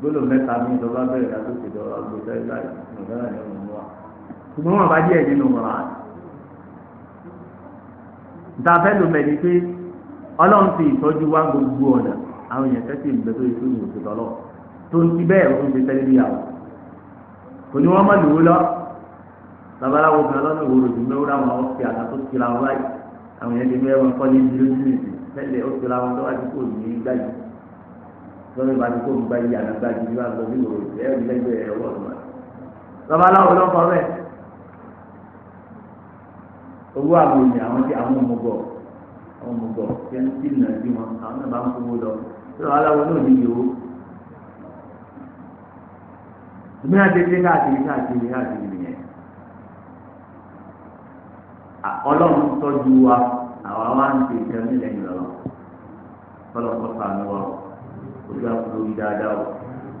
Speaker 1: gbọ́dọ̀ mẹ́ta mi lọ́ba bẹ̀rẹ̀ láti fi dọ́ra gbèsè láì nìkan ní ọ̀nà wa ṣùgbọ́n wọn bá díẹ̀ nínú mọ̀ra nta fẹ́ ló mẹ́ni pé ọlọ́run ti ìtọ́jú wá gbogbo ọ̀nà àwọn èèyàn tẹ́sí ìgbẹ́ tó ìṣú ìwòsàn tọ́lọ̀ tó ń ti bẹ́ẹ̀ ó ń ṣe tẹ́lẹ̀ níyàwó kò ní wọ́n mọ̀ lówó lọ babaláwo kan lọ́nà ìwòrò ju mẹ́wúrà wọn ó fi àgbà tó àwọn èèyàn ti mẹ́wọ́n lọ́wọ́ ìbá ti kó ń gba iye àgbà gidi wá lọ ìfẹ́ ìlẹ́gbẹ̀ẹ́ ẹ̀rọ ọ̀nà. bàbá aláwọ̀ ló kọ bẹ́ẹ̀. owó àwọn ènìyàn àwọn tí àwọn ọmọbọ àwọn ọmọbọ tí wọ́n ti nà sí wọn àwọn náà bá ń kówó lọ lọ́wọ́ aláwọ̀ náà ní ìyòwó. ìmí àtẹ̀tẹ̀ káàkiri káàkiri káàkiri nìyẹn. ọlọ́run tọ́jú wa àwa wá ń ṣe ìtẹ́mílẹ̀ ìlọ́run ojú àkùnrin dáadáa o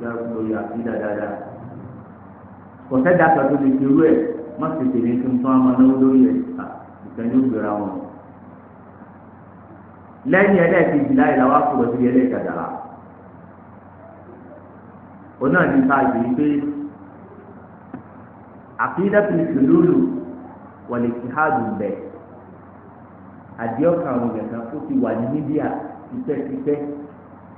Speaker 1: ojú àkùnrin àkídà dáadáa kọ̀tẹ́dà kàtó lè ti rú ẹ̀ má tètè ní tuntun àmọ́ náwó lórí ẹ̀ ìfẹ́ ní ògbéra wọn. lẹ́yìn ẹlẹ́ẹ̀kejì láyé làwọn akọ̀rọ̀ sí ẹlẹ́ẹ̀kadàlà oná ní ká ìdè pé àkídà fi ṣòlóòlù wọlé kí há dùn bẹ́ẹ̀ àdéhùn kàwọn ìgbà kan ó ti wà ní mídíà tipẹ́tipẹ́.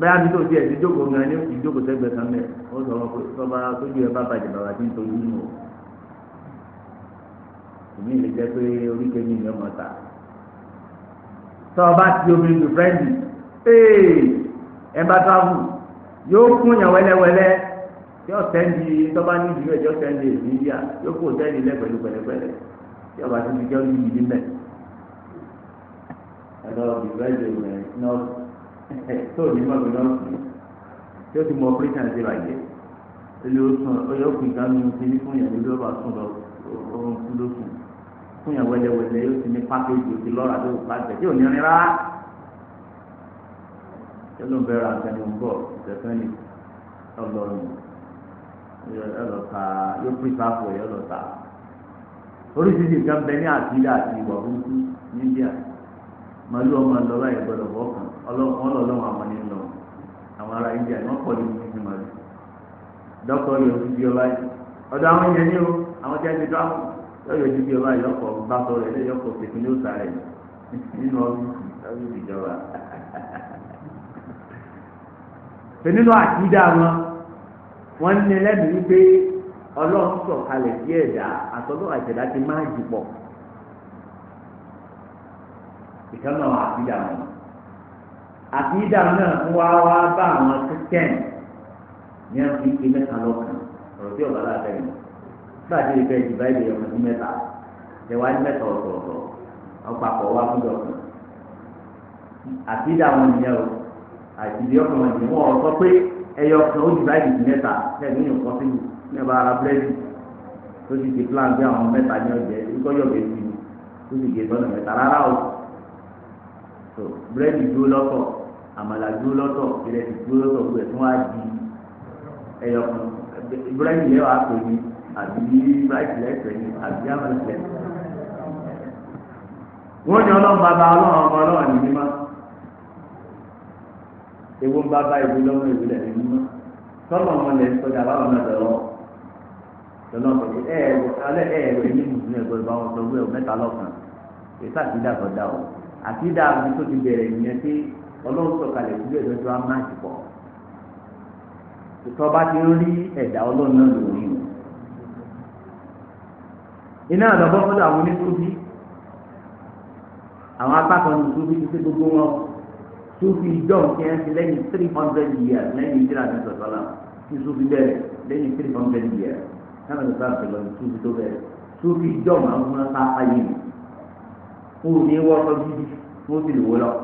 Speaker 1: bẹ́ẹ̀ àti tó ti ẹ̀sìn jókòó gan ni ó ti jókòó sẹ́gbẹ̀ẹ́ kan mẹ́ ó sọ wọn pé sọba sójú ẹ bá bàjẹ́ bàbá tí ń tojú nù o èmi lè jẹ́ pé oríkèé mi ni ọmọ ta tọ́ba ti omi lu fẹ́ǹdì ee ẹ bá tábù yóò kún yàn wẹ́lẹ́wẹ́lẹ́ yóò sẹ́ǹdì tọ́ba ní ìdílé ẹ̀jọ́ sẹ́ǹdì èmi yá yóò kó sẹ́ǹdì e lẹ́ pẹ̀lú pẹ̀lẹ́pẹ̀lẹ́ tí ọba ti fi jẹ́ orí yìí nílẹ̀ ẹ̀dọ́ ìfẹ́ ìdè tó ní mọ̀ lọ́wọ́ tí ó ti mọ operation ṣe bàjẹ́ ilé oṣùn ọyọ́kùn ìdánù ti ní fún ìyàwó lọ́ba sùn lọ oorun sùn ló sùn fún ìyàwó ẹlẹ́wẹ̀lẹ́ yóò ti ní pákéjì òsì lọ́ra tó bá jẹ tí ò ní rírá yóò bẹ ra nǹkan ní bọ̀ ìtẹ̀sẹ́ni ọlọ́run ẹlọ́ta yóò pín sáfù ẹ̀ ọlọ́ta oríṣiríṣi nǹkan bẹ ní àtìlẹ́ àti ìwà burúkú ní India màlúù ọmọ ẹ̀ lọ́la ẹ̀ gbọ́dọ̀ bọ́ kàn. ọlọ́run wọn àwọn ní lọ àwọn ará India ni wọ́n pọ̀ ní ìlú ìmọ̀ dọ́kọ̀ yóò fi bí ọba yìí ọ̀dọ̀ àwọn ní o àwọn tí a ti dáhùn lọ́yọ̀ ju bí ọba yìí ọkọ̀ bá sọ rẹ̀ lẹ́yìn ọkọ̀ tètè ní òòsà rẹ̀ nínú ìjọba. nínú wọ́n ní lẹ́nu wípé ọlọ́run sí ẹ̀dá àtọ́lọ́ àtẹ̀dá ti máa jù pọ̀ ìkànnà àbídà náà ń wá wá bá àwọn kristian ní àwọn fi ké mẹ́ta lọ́kàn ọ̀rọ̀ tí ọ̀gá láti rìn bá a ti lè fẹ́ jù báyìí lè ọmọ ní mẹ́ta lè wá ní mẹ́ta ọ̀tọ̀ọ̀tọ̀ ọ̀pàpọ̀ wá fún ìjọkàn àbídà wọn nìyẹn o àtìdí ọkàn wọn nìyẹn wọn sọ pé ẹyọ kan ó jù báyìí jù mẹ́ta lẹ́nu yóò kọ́ sí ní plan bí àwọn mẹ́ta ní ọjẹ́ ikọ́ yọ̀bẹ̀ sí i tó ti di ìtọ́nà mẹ́ta rárá o búrẹ́dì dúró lọ́tọ̀ àmàlà dúró lọ́tọ̀ ìrẹsì dúró lọ́tọ̀ gbogbo ẹ̀ tí wọ́n á di ẹ̀yọkùn búrẹ́dì lẹ́wọ̀ àpò ni àbí búrẹ́dì lẹ́sẹ̀ ni àbí àmàlà lẹ́sẹ̀. wọ́n ní ọlọ́run bàbá ọlọ́run ọmọ ọlọ́run ní mímọ́ ewu ń bàbá ewu lọ́wọ́ ewu lẹ̀ ní mímọ́ tọ́lọ̀ wọn lẹ̀ ń sọdọ̀ àbáwọn náà lọ́wọ́ lọ́nà ọ̀pẹ̀ ẹ̀ẹ́dẹ̀ ní mùsùlùmí ẹ̀gbọ́n ìbá wọn sọ wẹ́ẹ̀ mẹ́ta lọ́kàn ètò àtidá àtọ̀dá o àtidá àbí tó ti bẹ̀rẹ̀ ìyẹn pé ọlọ́run sọ̀kalẹ̀ sílẹ̀ lọ́jọ́ amáàjì bọ̀ ìtọ́ba ti ń rí ẹ̀dá ọlọ́run náà lórí o iná àdọ́gbọ́n fún àwọn oníṣòbí àwọn apákan ní ìṣòbí ti ṣe gbogbo wọn ṣòbí john kí ẹ ti lẹ́yìn three hundred years lẹ́yìn ìṣẹ́lẹ̀ àti sọ̀tọ́lá tí ṣòbí bẹ̀rẹ̀ lẹ́yìn three hundred years náà ló bá bẹ̀rẹ̀ lọ́dún ṣòbí tó bẹ̀rẹ̀ ṣòbí john àwọn ọmọ náà sáfà yìí wọn ò ní wọ́n kọ́ bíbí wọn ò sì lè wọ́ lọ́wọ́.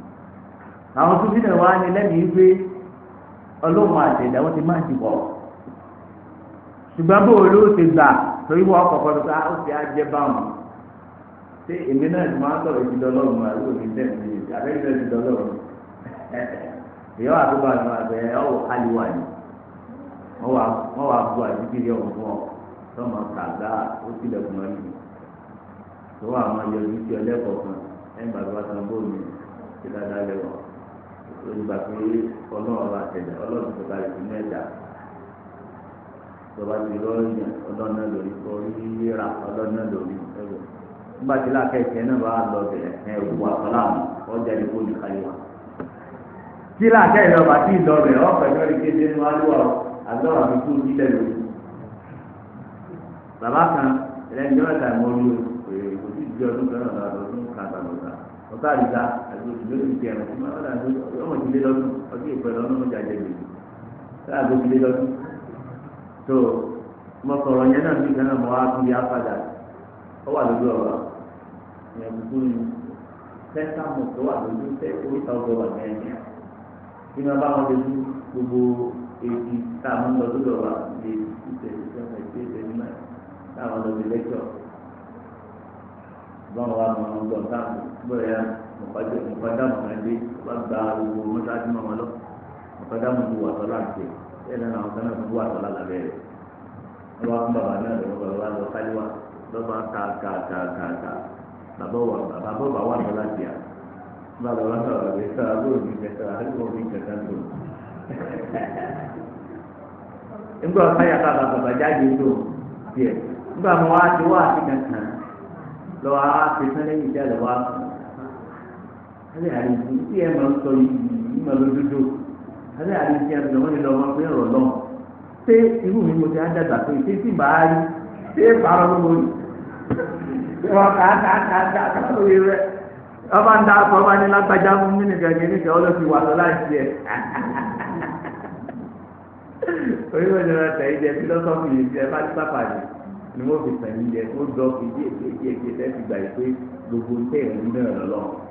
Speaker 1: àwọn tó sílẹ̀ wá ní lẹ́mìí pé ọlọ́run àtẹ̀lẹ́ wọn ti máa dìbò ṣùgbọ́n bó o ló ti gbà torí wọn ah, ó ti á báwọn ṣé èmi náà ti máa sọ̀rọ̀ ìdílé ọlọ́run àti òní tẹ̀sí àbẹ́yìn náà ìdílé ọlọ́run ìyá wa tó bá wọn àgbẹ̀ ọwọ́ aliwa ni wọ́n bu ọ kàgá ó ọ wà máa yọ ẹ̀ ń gbàgbọ́ olùgbà pé ọlọ́run àtẹ̀lẹ̀ ọlọ́run tó bá yẹ fún ẹ̀dá tọba ti lọ́ọ̀rì yẹn lórí orí rírà ọlọ́run lórí ẹ̀rọ nígbà tí làkẹ́kẹ́ náà bá lọ bẹ̀rẹ̀ ẹ̀ wù àfọláàmù ọjà ìfọ̀ nìkan yìí tí làkẹ́kẹ́ náà bá ti lọ bẹ̀rẹ̀ ọ̀pẹ̀ lórí kéde ní wàlúwà mi kú nílẹ̀ lórí. lórí ìjẹun ọmọ ọmọ ìdílé lọ́dún ọdún ìpẹ̀lú ọlọ́mọ jàjẹ lè sáà ló ìdílé lọ́dún tó mo sọ̀rọ̀ yẹn náà nígbà náà mo wá bí i apádà ó wà lójú ọ̀rọ̀ ìyẹn kúkú ni sẹ́ńtà mọ̀ tó wà lójú sẹ́ oríta ọgbọ̀n wà ní ẹ̀yìn bí wọ́n bá wọn lójú gbogbo èyí tá a mú lọ lójú ọ̀rọ̀ lè ṣiṣẹ́ ìṣẹ́fẹ́ ìṣẹ́fẹ́ nígbà táwọn lọ sí lẹ́kọ̀ọ́ báwọn wà mọ̀ ọ́n gbọ́ táwọn gbọ́ yẹn ọjọ́ ìfọdámù kan dé wọ́n gba gbogbo mọ́sáájú mọ́ wọn lọ ìfọdámù ti wà tọ́lá àti ẹ̀ lẹ́nu àwọn kan náà ti wà tọ́lá lábẹ́ rẹ̀ wọ́n wá fún bàbá náà lọ́wọ́ bàbá lọ káríwá lọ́ba ta ta ta ta ta bàbá wà bàbá bàbá wà tọ́lá ti à bàbá wà tọ́lá rẹ̀ sára lóògì kẹsàrà àdúgbò mi kẹsà tó nígbà wọn sáyà bàbá bàbá jáde lọ́wọ́ á ti sẹ́lẹ̀ yìí jẹ́ lọ́wọ́ á alẹ́ àlejò tí ẹ máa ń sọ yìí máa lọ dúdú alẹ́ àlejò tí ẹ máa ń lọ máa pé ọ̀rọ̀ náà ṣé irú mi mo ti á dàgbà pé ṣé tí màá rí ṣé bàárọ̀ ló mo rí wọn kà á kà á kà á kà á kà á lóye rẹ ọba ń da akọ ọba ní lágbájá mú mí nìkan kì í nìkan ọlọ́sìn wà lọ láti ẹ̀ oríwọ̀ ìjọba tẹ̀yìn jẹ fílọ́sọ́fì yìí jẹ bá ti pápá yìí ni wọ́n fi tẹ̀yìn jẹ ó dọ́ fi díẹ̀ díẹ̀ díẹ̀ tẹ́sí gbà yìí pé gbogbo tẹ̀yìn náà lọ́lọ́run.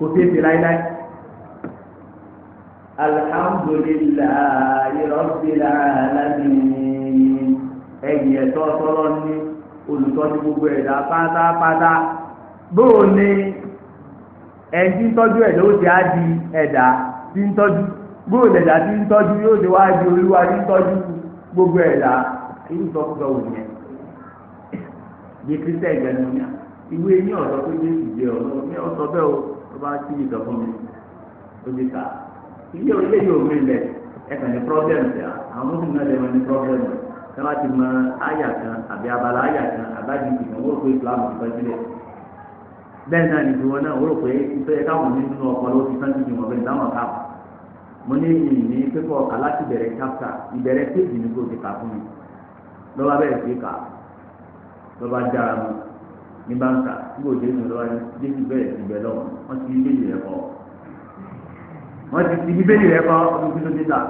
Speaker 1: kò tẹ́ ti láíláí. alhamdulillahi rabbil alamin ẹ̀yìn ẹ̀tọ́ tọ́lọ́ ní olùtọ́jú gbogbo ẹ̀dá pátápátá bóò ni ẹni tí ń tọ́jú ẹ̀dá ó ti á di ẹ̀dá tí ń tọ́jú bóò lẹ̀dá tí ń tọ́jú yóò ti wá di olúwa tí ń tọ́jú gbogbo ẹ̀dá irú sọ́kùsọ wò yẹn bí kristian gẹ̀ẹ́nù ìwé ní ọ̀dọ́ tó dé ìdè ọ̀dọ́ ní ọ̀sọ́ o bá kí ìgbà fún mi ó ti kà iye òye yóò mú ilẹ̀ ẹ kàn ní problem sí a àwọn mùsùlùmí náà lè máa ní problem tí wọ́n ti mọ àyà kan àbí abala àyà kan àbájú ìgbìmọ̀ wọ́n rò pé Islam ti fẹ́ sílẹ̀ bẹ́ẹ̀ náà nìgbì wọn náà wọ́n rò pé ìfẹ́ káwọn nínú ọpọlọ ti fẹ́ síbi wọn bẹ́ẹ̀ dáwọn ká mo ní ìyìn ní pépọ̀ aláti bẹ̀rẹ̀ káfíà ìbẹ̀rẹ̀ péjì ní kò ti kà fún mi lọ́ba bẹ̀rẹ̀ sí kà lọ́ba dára mu ní báńkà tí kò dé nù jésù bẹ́ẹ̀ ti bẹ̀ lọ́wọ́ wọ́n ti fi bẹ́ẹ̀lì rẹ̀ kọ́ wọ́n ti fi bẹ́ẹ̀lì rẹ̀ kọ́ ọdún kí ló ta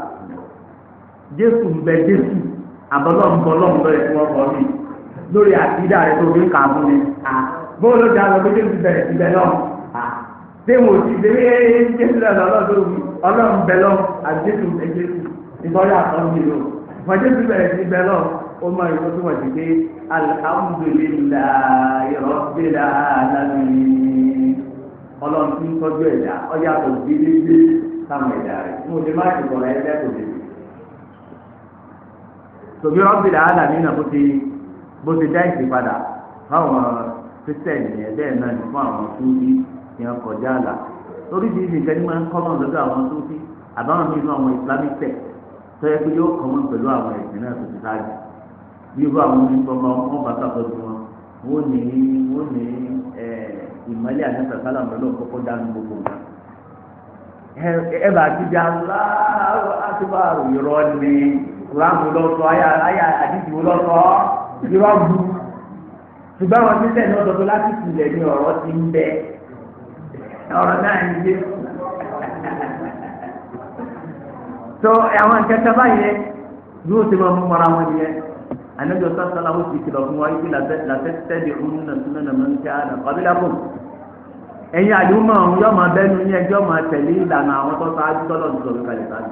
Speaker 1: jésù bẹ jésù àbọ̀lọ́mùbọ̀lọ́mù lọ́yẹ̀ tí wọ́n mi lórí àtìdá rẹ̀ tó fi ń kà fún mi à bóun ló dá lọ pé jésù bẹ̀rẹ̀ ti bẹ̀ lọ́wọ́ à ṣé mo ti ṣe é jésù lọ́dọ̀ ọlọ́run bẹ̀ lọ́wọ́ àti jésù bẹ̀ jésù ìtọ́jú àtọ́jú lò ìfọ̀jésù bẹ̀rẹ̀ ti bẹ̀ lọ́wọ́ ó máa yọ tó wà dídé alhamdulilayi rọ́bìlà alámi ọlọ́run tí ń tọ́jú ẹ̀dá ọjà kò sí dédé sáwọn ẹ̀dá rẹ̀ mo lè má ti bọ̀rọ̀ ẹgbẹ́ kò lè. tòbí rọ́bìlà alámi náà bó ti bó ti dá ìsìn padà fáwọn kristẹni yẹn bẹ́ẹ̀ náà ní fún àwọn tó bí yẹn àlà lórí ti ìsìn kẹ́ni máa ń kọ́ mọ́ lọ́dọ̀ àwọn tó àbáwọn mi nú àwọn islamic tech tọ́yẹ pé yóò kọ́ wọn pẹ̀lú àwọn ẹ̀sìn náà tó ti sáájú. irú àwọn onígbọmọ wọn bàtà bọdù wọn wọn ní wọn ní ìmọ̀lẹ́ àti sàkálà mọ́lẹ́ òkọ́kọ́ dánú gbogbo ẹ bá ti di aláwọ̀ àtiwá ìrọ̀ ni lọ́sọ̀ àdìsí lọ́sọ̀ ìrọ̀ bu. ṣùgbọ́n ní láti tilẹ̀ ní ọ̀rọ̀ ti ń bẹ ọ̀rọ̀ náà ń tó àwọn ni ó ti máa mú mọ́ra wọn nìyẹn. anabi ọsán sọlá ó ti kìlọ̀ fún wa yìí làtẹ tẹbi òun nà sún nà mọ nkẹ àná kọbílẹ kù ẹ̀yin àdúgbò ọhún yọọ máa bẹnu ní ẹjọ máa tẹ̀lé ìlànà àwọn tó sáájú tọlọ nìkan ló kalẹ̀ sáájú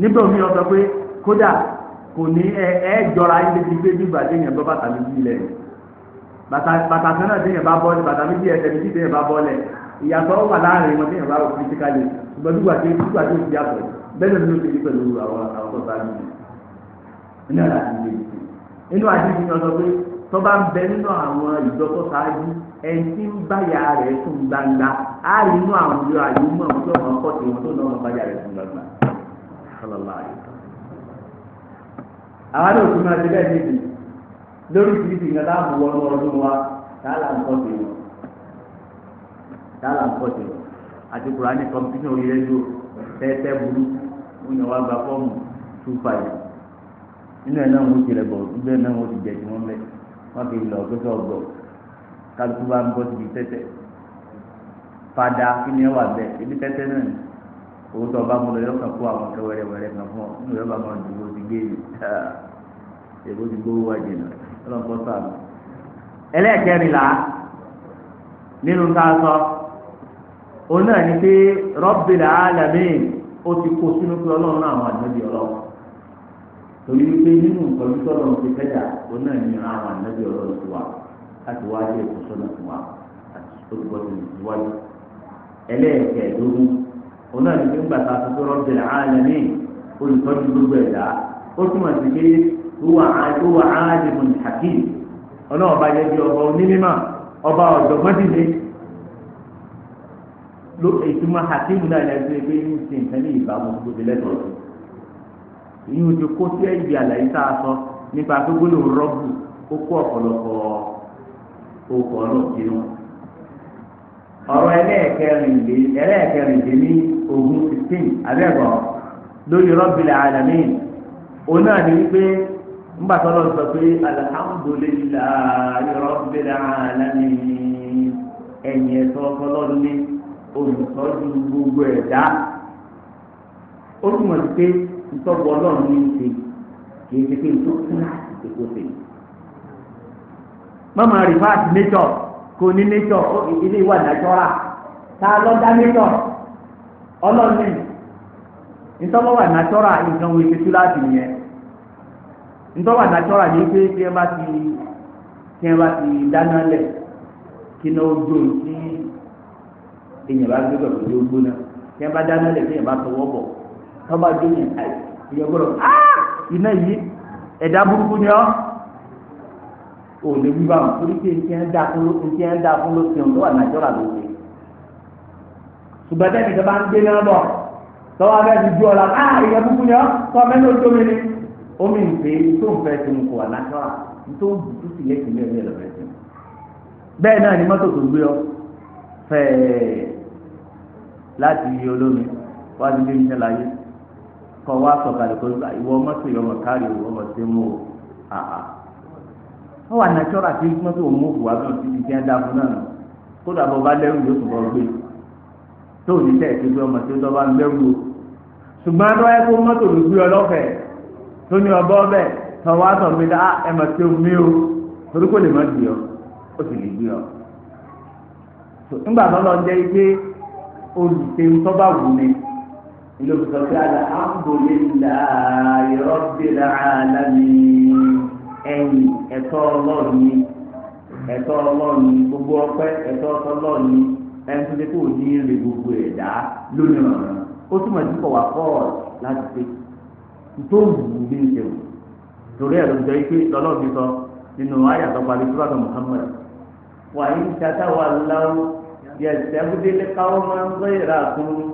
Speaker 1: nígbà omi ọsọ pé kódà kò ní ẹ ẹ jọra yín lébi pé bí bàtà yẹn bọ́ bàtà méjì lẹ bàtà bàtà kan náà téèyàn bá bọ́ lẹ bàtà méjì ẹsẹ̀ méjì téèyàn bá bọ́ lẹ ìyàtọ̀ wà láàrin wọn téèyàn bá wọ fisikali ṣùgbọ́n dúgbà tó dúgbà tó ti yàtọ̀ bẹ́ẹ̀ ló ń lò sí pẹ̀lú àwọn àwọn tó sáájú yìí nínú àdìsí nínú àdìsí ni ọ̀sọ̀ pé tó bá ń bẹ nínú àwọn ìjọ tó ṣáájú ẹni tí ń báyà rẹ̀ fún gbangba á rí inú àwọn ìjọ àyè mọ̀ tí ọmọ ọkọ̀ tí wọn tó náà wọn báyà rẹ̀ fún gbangba. àwọn náà tún máa ṣe bẹ́ẹ̀ níbi lórí ìdílé ìgbà tá a mú wọnú ọdún wa tààlà nǹkan tè wọn tààlà nǹkan tè wọn àti kùránì kọ́mpútà orí rẹ́díò tẹ́tẹ́ burú wọn yàn wá gba fọ́ọ̀mù two five nínú ẹ̀ náà wọ́n ti rẹ̀ bọ̀ nínú ẹ̀ náà wọ́n ti jẹ ti wọ́n mẹ́ wọ́n fi lọ pé sọ̀gbọ̀ kálukú bá ń bọ́ síbi tẹ́tẹ́ fada kí ni ẹ wà bẹ́ẹ̀ ibi tẹ́tẹ́ náà owó tó ọba múlò yọkàn kó àwọn kẹ wẹrẹ wẹrẹ kan fún ọ nínú yọba máa dùn ó ti gbé yìí <laughs> èbó ti gbówó wájú náà ọlọ́pọ̀ sáà ẹlẹ́ẹ̀kẹrìnlá nínú ká sọ òun náà ni pé Rabbil alamin ó ti kó sínú pé ọlọ́run náà àwọn àdúgbò torí pé nínú nǹkan tí sọ́dọ̀ ti fẹ́dà ó náà ní àwọn ànábì ọlọ́run ti wà láti wá sí èkó sọ́dọ̀ fún wa àti olùbọ́sí ìwájú. ẹlẹ́ẹ̀kẹ́ẹ̀dógún ó náà ní nígbà tá a fi sọ́rọ́ bẹ̀rẹ̀ àlẹ́mí olùtọ́jú gbogbo ẹ̀dá ó túmọ̀ sí pé wúwà áàdìmùn hakim ọlọ́run bá yẹ bí ọba onímọ̀ ọba ọ̀jọ̀gbọ́n ti ní ìtumọ̀ hakim náà ní ẹgbẹ́ pé ìyẹn ojú kó sí ibi àlàyé tá a sọ nípa gbogbo rọ́bù ó kó ọ̀pọ̀lọpọ̀ òkò ọlọ́ọ̀dínú. ọ̀rọ̀ ẹlẹ́ẹ̀kẹrìndínlẹ́ ní ogún sixteen abẹ́ẹ̀gọ́ lórí Rabbil Alamin òun náà ní wípé ńgbà tó sọ pé alhamdulillahi Rabbil Alamin ẹ̀yìn ẹ̀tọ́ ọlọ́run ní olùtọ́jú ìtọ́gbọ́ ọlọ́run ní ṣe kì í ṣe pé tó kú láti ṣe kó mọ́mọ́ rìfáàsì nẹ́tọ̀ kò ní nẹ́tọ̀ ilé ìwà nàìjọ́ra tá a lọ dá nẹ́tọ̀ wà nàìjọ́ra nǹkan wo ṣe láti yẹn ìtọ́gbọ́ nàìjọ́ra ní pé kí ẹ bá ti kí ẹ bá ti dáná lẹ̀ kí náà ó èèyàn tọ́ba jó yẹn ká ìyẹn gbọ́dọ̀ ah, iná yìí ẹ̀dá burúkú ni ọ́ ò lè wí báwọn torí pé nkí ń da fún ló nkí ń da fún ló ti hàn lọ́wọ́ nàìjọ́ra ló ṣe ṣùgbọ́n tẹ́ni tó bá ń gbé náà bọ̀ tọ́wọ́ abẹ́ ti ju ọ̀la á ah, ìyẹn burúkú ni ọ́ tọ́ mẹ́lẹ́ ojú omi ni omi ń pè é tó ń fẹ́ ti ń kọ̀ nàìjọ́ra tó ń dùdú sí ilé ìpínlẹ̀ ọ̀lẹ́ lọ́fẹ́ sí bẹ́ẹ̀ náà ni mọ́tò tó gbé ọ fẹ́ẹ́ láti iye olómi wá sí ilé iṣẹ́ láyé kọ́ wá sọ̀kalẹ̀ kó gbà ìwọ mọ́tò yọ ọmọ káàrí ìwọ ọmọ tó mú o àhà. wọ́n wà nàìjọ́rà tí mọ́tò mú òkú wá bẹ́ẹ̀ títí tí wọ́n dá fún náà kódà bọ́ bá lẹ́rù yóò tún bọ́ gbé tó ní tẹ̀ ẹ́ pé ọmọ tó tọ́ bá ń lẹ́rù o. ṣùgbọ́n tó ẹ kó mọ́tò ló gbé ọ lọ́fẹ̀ẹ́ tó ní ọbọ̀ bẹ́ẹ̀ tọ́ wá sọ pé dá ẹ mọ̀ tó mí o torí kò lè má di ọ ó sì lè gbé ọ. nígbà tó lọ jẹ́ pé olùsèǹtọ́ wù ni ilé òkúta pé alhamdulillahi rabbil alamin ẹ̀yìn ẹ̀tọ́ ọlọ́run ni ẹ̀tọ́ ọlọ́run ni gbogbo ọpẹ́ ẹ̀tọ́ ọlọ́run ni ẹni tó ṣe kó ní èrè gbogbo ẹ̀dá lónìí ọ̀ràn ó túmọ̀ sí kọ̀ wá láti pé tó wù ú ní ìṣẹ̀wò torí ẹ̀rọ jẹ́ pé lọ́lọ́run sọ nínú àyà parí sùrọ̀tà Muhammad wàá ń ṣàtàwà láwù yẹ̀sẹ̀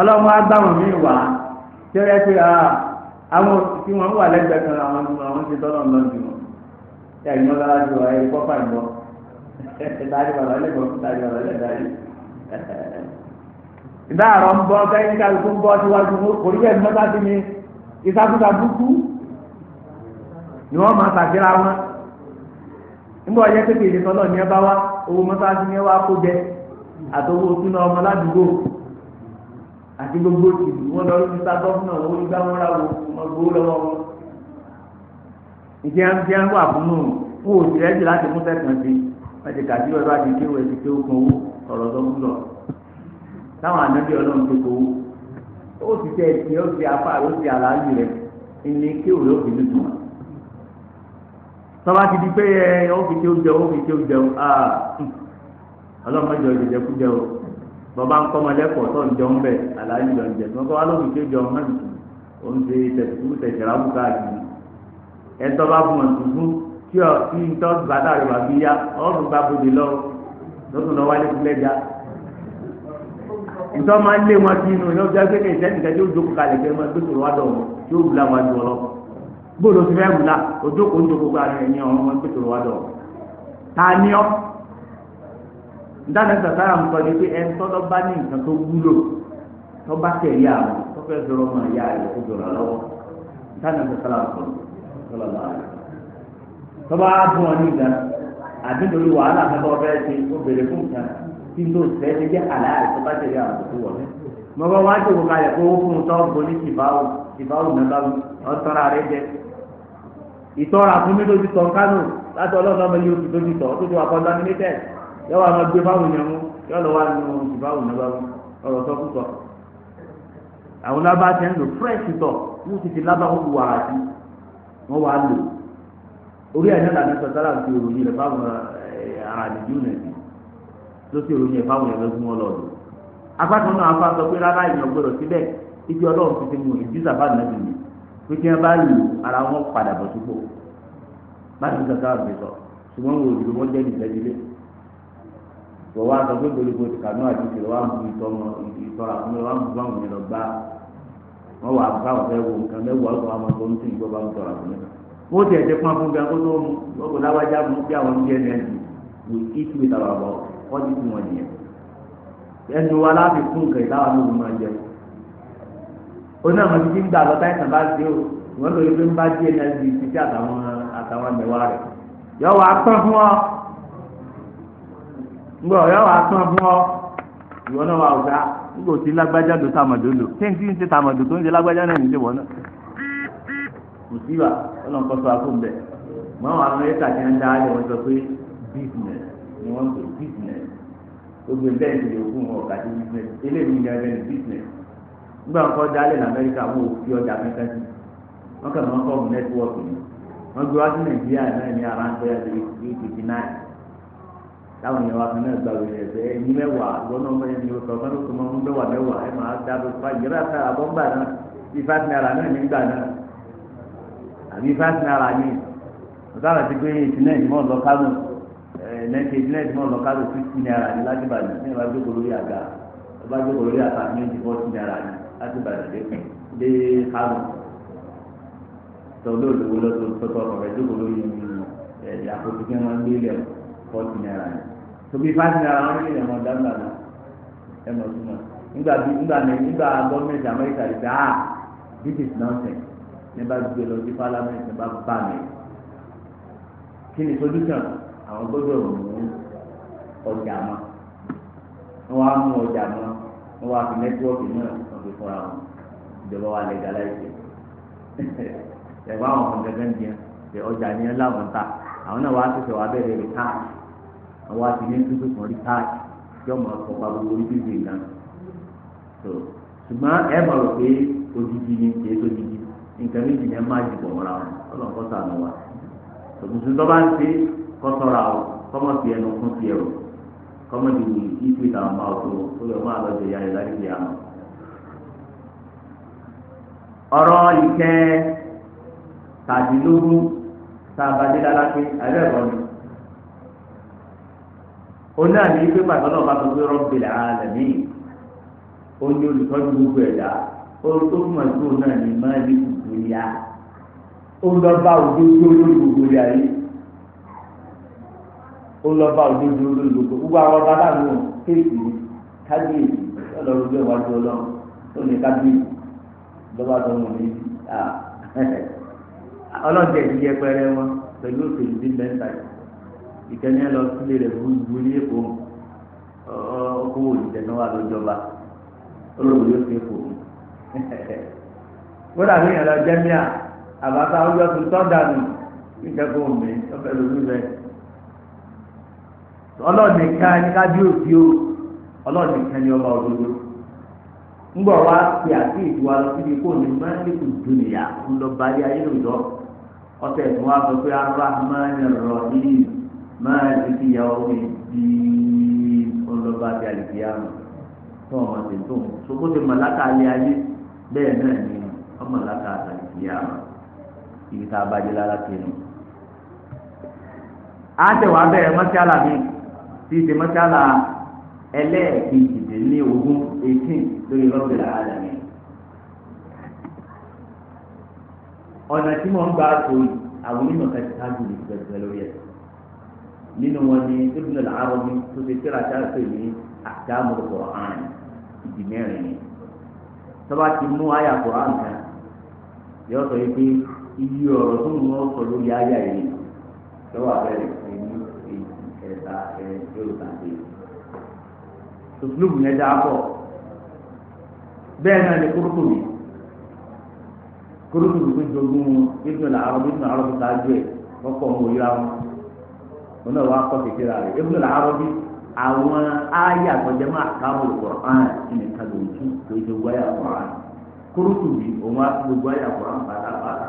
Speaker 1: ọlọ́run á gbáwọn míì wá tí ó yẹ pé àwọn tí wọ́n wà lẹ́gbẹ̀ẹ́ kan àwọn tí wọ́n ti tọ́lọ̀ lọ jù wọ́n tí àyè mọ́ lára ju ayé kọ́fà ìbọn ìdájí bàbá lẹ́gbọ̀n ìdájí bàbá lẹ́dájí. <laughs> ìdá àrọ̀ ń bọ́ kẹ́yìn kálukú ń bọ́ síwájú orí ẹ̀ mọ́tà sí mi ìsàkúta búkú ni wọ́n máa tàkìrà wọn nígbà ọjọ́ kékeré tọ́lọ̀ ni ẹ bá wá owó mọ́tà sí ní ẹ wá kó jẹ àtọwọ́ sínú ọmọ ládùúgbò àti gbogbo tìlú wọn lọ sí sá gọ́fúnà owó nígbà wọn ra wo wọn gbowó lọ́wọ́ wọn. ìjẹ́ ń jẹ́ ń wà fún un fún òṣìṣẹ́jì láti mú tẹ̀sán sí wọ́n ti kàdí ọ̀dọ́ àti kéwù ẹ̀ ti kéwù kan owó ọ̀rọ̀ sọ́kún lọ. táwọn ànábì ọlọ́run ti kó ó ti tẹ̀ ẹ̀sìn ó ti afá ó ti àlàájì rẹ̀ ìní kéwù ló fi dùn wọn. ti di pé ẹ ó fi kéwù jẹun ó fi kéwù jẹun ah, ọlọ́run mọ́jọ ìjẹ̀jẹ̀ kú jẹun bàbá ń kọ́ ọmọdékọ̀ọ́ tó ń jọ ń bẹ̀ aláàjì lọ ń jẹ tó ń kọ́ wá lóbi tó jọ hàn jù ó ń ṣe tẹ̀síkú tẹ̀síra bù káàkiri ẹ̀tọ́ bá bù wọn tuntun tí ọ tí ń tọ́ gbàdá rẹ̀ wá bí yá ọ̀rùn gba bòde lọ lọ́sùn lọ wálé fún lẹ́jà ìtọ́ máa ń lé wọn sí inú yóò jẹ́ kékeré sẹ́nìkan tí ó tí ó jókòó kalẹ̀ ndáná sàtàrà ń kọ́ni pé ẹni tọ́lọ́ bá ní nǹkan tó wúlò tó bá tẹ̀lé àwọn tó fẹ́ sọ̀rọ̀ mọ́ ìyá rẹ̀ kó jọ̀rọ̀ lọ́wọ́ ndáná sàtàrà ń kọ́ni tọ́lọ́ bá rẹ̀ tọ́ba á bùn ọ ní ìgbà àbí lórí wàhálà kan tó fẹ́ ṣe ó béèrè fún nǹkan tí ló fẹ́ ṣe jẹ́ àlàyé tó bá tẹ̀lé àwọn tó wọ̀ mọ bá wá jòkó kalẹ̀ kó fún un tó bolí tìbáwò tìbáwò nàbà ọ̀tọ́ra yọwọ àwọn gbé fáwọn èèyàn mú yọlọ wà nínú ohun ìfáwọn náà bá wọn ọ̀rọ̀ sọ púpọ̀ àwọn lábá ti ń lò fúrẹ́ǹsì tọ̀ wọn ti ti lábá wọn wà á sí wọn wà á lò orí ẹ̀ náà làbí sọ̀tàlà ti ìròyìn rẹ̀ fáwọn ara àdìjú nà sí ló ti ìròyìn rẹ̀ fáwọn ẹ̀rọ fún wọn lọ́dọ̀ apá kan náà afá sọ pé rárá èèyàn gbọdọ̀ síbẹ̀ ibi ọlọ́run ti ti mú ìdísà bá nàbì mi pé kí wọ́n bá lò ara wọn padà bọ̀ sípò bá sọ̀tàlà ti sọ ṣùgbọ́n wọn ò dìbò wọn jẹ́ nìgbẹ́dìlé wọ́n wá sọ pé gbogbo ti kànú àti ìṣẹ̀lẹ̀ wá bu ìtọ́ mọ ìtọ́ àfúnilọ́ wá bu báwọn yẹn lọ gbá wọ́n wà báwọn fẹ́ wo nǹkan mẹ́wàá ọkọ̀ àwọn ọmọ tó ń gbọ́ bá ń tọ̀rọ̀ wọ́n ti ẹ̀jẹ̀ pọ́n fún gan kó mu lọ́kọ̀ láwájá mu bí àwọn ní ẹ̀nẹ́ẹ̀dì wò kíkì mi tàbà bọ̀ wọ́n ti fún wọn nìyẹn. ẹnu láti fún nǹkan ìtawà ngbọ ọyọ wa tán fún ọ ìwọ náà wà ọgá nígbà tí lágbájá do tàmọdò lò téńtì ń ṣe tàmọdò tó ń ṣe lágbájá náà náà kò sí wa Ọlọ́run kọ sọ àkóńbẹ mọ àwọn amẹríkà ti ń dá ayé wọn sọ pé business ni wọn pè business gbogbo ẹgbẹ́ ìdílé òkun ọ̀gá ti business eléyìí ni ẹgbẹ́ business nígbà wọn dálé ní wọn ò fi ọjà sí wọn kàn nẹ́tíwọ́ọ̀kì ni gbé wá sí nàìjíríà táwọn èèyàn wa kan náà gba wèrè ẹsẹ ẹyin mẹ́wàá lọnà ọmọ ẹni o sọ ọ ọmọ ọmọ mẹ́wàá mẹ́wàá ẹ máa dá fún àyè rà náà náà nígbà náà àbí ẹ̀ láti bàjẹ́ ní ìwà lórí àga ọba lórí àga láti bàjẹ́ dé tọ́lú òdòwó ọ̀rọ̀ lórí ẹ̀ kí wọ́n gbé lẹ̀ tóbi fásitì náírà wọn ni ìyàmọ̀ dáńdà lọ ẹ mọ̀ sí mọ̀ nígbà bí nígbà ní nígbà gọ́ọ̀mẹ̀ntì amẹ́ríkà yìí dá ah, this is nonsense ní bá gbé lọ sí parliament ní bá bá mi kí ni solution àwọn gbọ́dọ̀ mú ọjà mọ́ wọ́n á mú ọjà mọ́ wọ́n á fi nẹ́tíwọ́ọ̀kì náà wọ́n fi fúnra wọn ìjọba wa legalize <laughs> ẹ̀wọ́n àwọn ọmọ gẹ́gẹ́ ń jẹun ọjà ni ẹ láwọn ta àwọn náà wàá tẹ̀sẹ̀ wàá bẹ̀rẹ̀ rẹ̀ káàkiri àwọn àtìlẹ́yìn tó tó kàn rí káàdì yóò máa kọ́ pa gbogbo orí bíbí nǹkan tó ṣùgbọ́n ẹ mọ̀ rò pé odidi ni kìí tó didi nǹkan méjì ni ẹ máa jù bọ̀ mọ́ra wọn ọlọ́run kọ́ sànù wa tòmùsùn tó bá ń ṣe kọ́ sọ́ra o kọ́mọ̀ fi ẹnu kún fi ẹ̀rọ kọ́mọ̀ di wù ìpè táwọn máa tó ó yọ máa lọ jẹyà rẹ láti àná. ọ̀rọ̀ ìkẹ́ tàdínlógún tá a bá dé lálápé ẹ̀rẹ́ ẹ̀kọ́ ni oní àná ipe pàtó náà bá tó gbé Rabbil Alamin oní olùtọ́jú gbogbo ẹ̀dá orúkọ fúnmọ̀ tó náà ní máàlì ìgbéyà ó lọ bá òdodo lórí gbogbo rẹ̀ ayé ó lọ bá òdodo lórí gbogbo gbogbo àwọn bàbá mi ò kéèkì kábíyèsí ọlọ́run gbé wájú ọlọ́run ó ní kábíyèsí lọ́wọ́ àtọ́wọ́n mi <laughs> ọlọ́run tẹ̀ ti yẹpẹrẹ wọn pẹ̀lú òṣèlú bí mẹ́ta yìí. ìkẹ́ni ẹ lọ sílé rẹ̀ gbúgbú ní èkó ọkọ̀ òjijì náà wà lójọba olóòwò yóò fi <laughs> kódà àbáta ọjọ́ tó nù mi ọ̀fẹ́ rẹ̀ ọlọ́ọ̀dì kan ní kábíyèsí o ọlọ́ọ̀dì kan ní ọba òdodo ńgbọ̀ wá àti lọ ní dùnìyà ńlọ balẹ̀ ọ̀sẹ̀ sọ pé yìí. máa di kí ìyàwó mi di ọlọ́ba àti àlìkíyàmù tó ọmọ ti tó sopó ti mọ̀láka alẹ́ ayé bẹ́ẹ̀ náà ni ọmọláka àlìkíyàmù ibi tá a bá dé lára kiri. a tẹ̀wá bẹ́ẹ̀ mọ́ṣálà mi tí ti mọ́ṣálà ẹlẹ́ẹ̀kejì dé ní ogún eighteen lórí rọ́bìlà àdàmì. ọ̀nà tí mo ń gbà tó àwọn onímọ̀ kẹta gbòdì pẹ̀lú lórí ẹ̀ nínú wọn ni Ibn al-Arabi tó ṣe tíra tá a pè ní àdámù Qur'an ìdí mẹ́rin ni tọ́ba ti mú àyà Qur'an kan yóò sọ yìí pé iye ọ̀rọ̀ tó ń wọ́n sọ lórí àyà yìí lọ́wọ́ abẹ́rẹ́ ẹ̀mí ẹ̀ta ẹ̀ yóò tà dé tòtúlùbù yẹn dáa pọ̀ bẹ́ẹ̀ náà ni kúrúkù mi kúrúkù mi tó jogún Ibn al-Arabi Ibn al-Arabi ona náà wàá kekere kékeré rẹ̀ ebúlò làárọ̀ bí àwọn ayé àgbọ̀jẹ́ máa káwọn olùkọ́ hàn ní kàdé òtún tó ya wáyà kọ́ra kúrúkù bí òun á ti gbogbo ayé àkọ́ra pátápátá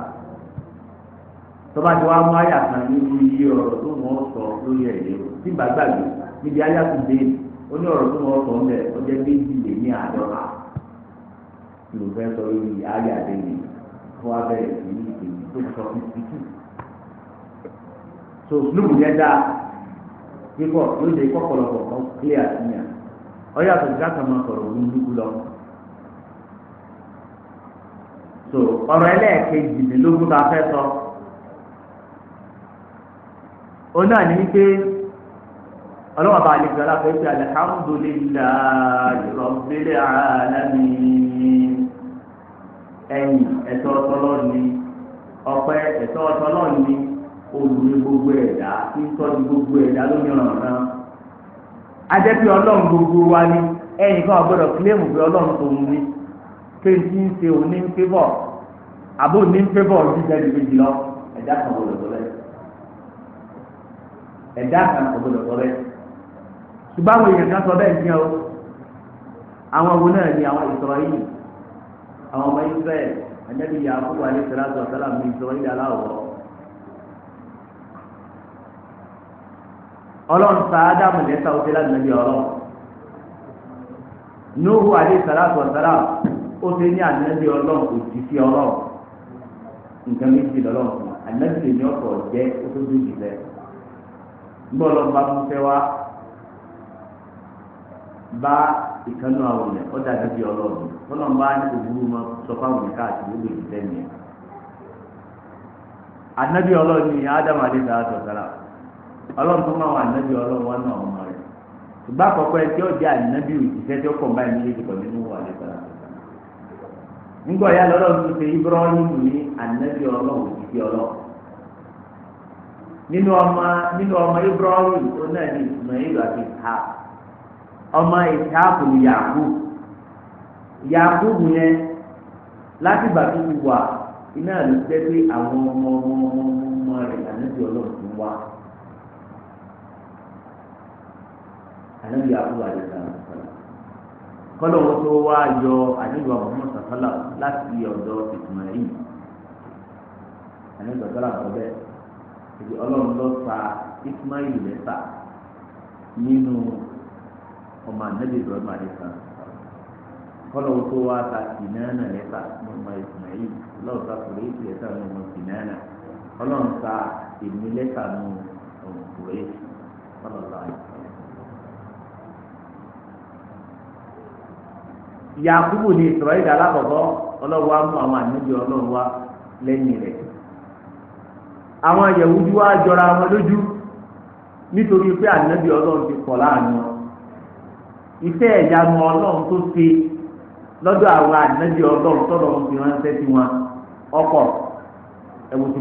Speaker 1: tọ́ba ti wá mú ayé àkàn níbi iye tó lórí níbi tó ní tó lùmù yẹn dáa kíkọ yóò dé kọkọlọpọ ọ kílẹ̀ àtúnyà ọyọ àtúntà kan máa sọ̀rọ̀ òun dúkú lọ. tó ọ̀rọ̀ ẹlẹ́ẹ̀kejìlélógún tá a fẹ́ sọ ó náà ní wípé ọlọ́wọ́n bá àlejò aláfẹ́sẹ̀ alihamudulilayi rọ̀bìlẹ̀ alámi ẹ̀yìn ẹ̀tọ́ ọ̀tọ́lọ́ọ̀ni ọ̀pẹ ẹ̀tọ́ ọ̀tọ́lọ́ọ̀ni. olùyẹ gbogbo ẹ̀dá tí tọ́jú gbogbo ẹ̀dá ló yàn án náà. ajẹ́pẹ́ ọlọ́run gbogbo wa ni ẹnì kan ọ̀gbọ́dọ̀ kílẹ̀mù pé ọlọ́run tó ń ní pé tí ń ṣe òní ń pé bọ̀ àbó òní ń pé bọ̀ jíjẹ́ ju méjì lọ ẹ̀dá kan gbọ́dọ̀ tọ́ bẹ́ẹ̀. ẹ̀dá kan gbọ́dọ̀ tọ́ bẹ́ẹ̀. ṣùgbọ́n àwọn èèyàn kan sọ bẹ́ẹ̀ ní ọ àwọn wo náà ni àwọn ìsọ̀rọ̀ yìí àwọn ọmọ Israẹli ẹ̀dẹ́bí yà á kó wà ní ọlọ́run sa ádámù lẹ́sà ó ti láti nàbí ọlọ́run nuhu alayhi salatu wa salam ó ti ní ànábì ọlọ́run kò jí sí ọlọ́run nǹkan méjì lọ́lọ́run fún ànábì lè ní ọ̀pọ̀ jẹ́ ó tó dé jù bẹ́ẹ̀ nígbà ọlọ́run bá fún fẹ́ wá bá ìkànnú àwọn ọ̀nà ó dàbí bí ọlọ́run ọlọ́run bá ní òwúrú mọ́ sọ fáwọn ọ̀nà káàkiri ó lè jù bẹ́ẹ̀ nìyẹn ànábì ọlọ́run ní ádámù alayhi salatu wa salam. ọlọ́run tó máa wà nábì ọlọ́run wọn náà ọmọ rẹ̀ ṣùgbọ́n àkọ́kọ́ ẹ tí ó jẹ́ ànábì òṣìṣẹ́ tí ó kọ̀ báyìí ìdìbò nínú wà nígbà lọ́lọ́run ṣe Ibrahim ní ànábì ọlọ́run òṣìṣẹ́ ọlọ́run nínú ọmọ nínú ọmọ Ibrahim tó náà ní Ismail àti ha ọmọ Yaku yẹn láti ti wà iná ló jẹ́ pé àwọn ọmọ ọmọ ọmọ ànábì àbúrò àdìsá sọlá kọlọ wọn tó wá yọ ànábì àbúrò sọlá láti ọ̀dọ̀ ìtumọ̀ yìí ànábì sọlá sọ bẹ́ẹ̀ èdè Ọlọ́run ló fa ismail lẹfà nínú ọmọ ànábì ibrahim àdìsá kọlọ wọn tó wá ta sinana lẹfà mọmọ ismail lọ́wọ́ ta kùrẹ́ ìtì lẹfà mọmọ sinana Ọlọ́run ta èmi lẹfà mọ ọmọ kùrẹ́ ìtì kọlọ lọ àyè. yakubu na israẹli alákọ̀ọ́kọ́ ọlọ́wọ́ amú àwọn àníbi ọlọ́wọ́ lẹyìn rẹ àwọn yẹ̀wùjú wa jọra wọn lójú nítorí pé àníbi ọlọ́run ti pọ̀ láàánú iṣẹ́ ìyanu ọlọ́run tó ṣe lọ́dọ̀ àwọn àníbi ọlọ́run tọ́lọ̀ ń fi ránṣẹ́ sí wọn ọkọ̀ ẹ̀wù tí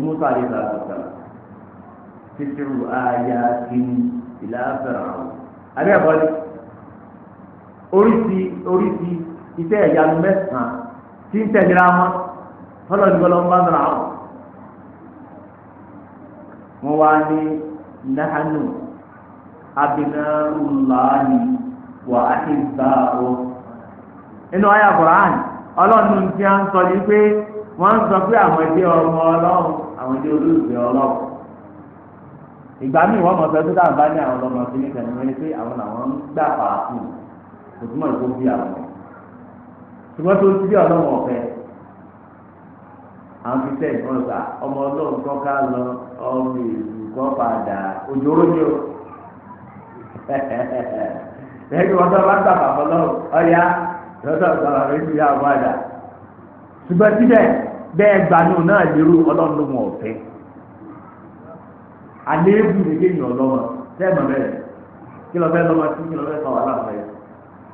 Speaker 1: àyà kìíní ìlà àwọn. iṣẹ́ ìyanu mẹ́sàn-án tí ń tẹ̀léra wọn tọ́lọ̀ ní bọ́lọ́ ń bá nira wọn. wọ́n wá ní nahanu abinaulahi wa ahibbahu. inú ayé àkùrán ọlọ́run ti ń sọ yìí pé wọ́n ń sọ pé àwọn ẹgbẹ́ ọmọ ọlọ́run àwọn ẹgbẹ́ olóògbé ọlọ́run ìgbà míì wọ́n mọ̀ sọ pé táwọn bá ní àwọn ṣùgbọ́n tó ti bí ọlọ́run ọ̀fẹ́ àwọn fi sẹ́yìn kan sà ọmọ ọlọ́run tó ká lọ ọmọ ìlú kan padà òjòrò <laughs> lẹ́yìn wọn tó bá ọ̀yá lọ́sọ̀ ṣùgbọ́n síbẹ̀ bẹ́ẹ̀ gbanú náà lérò ọlọ́run ọ̀fẹ́ kéèyàn ọlọ́run bẹ́ẹ̀ kí fẹ́ lọ́mọ sí kí fẹ́ sọ wàhálà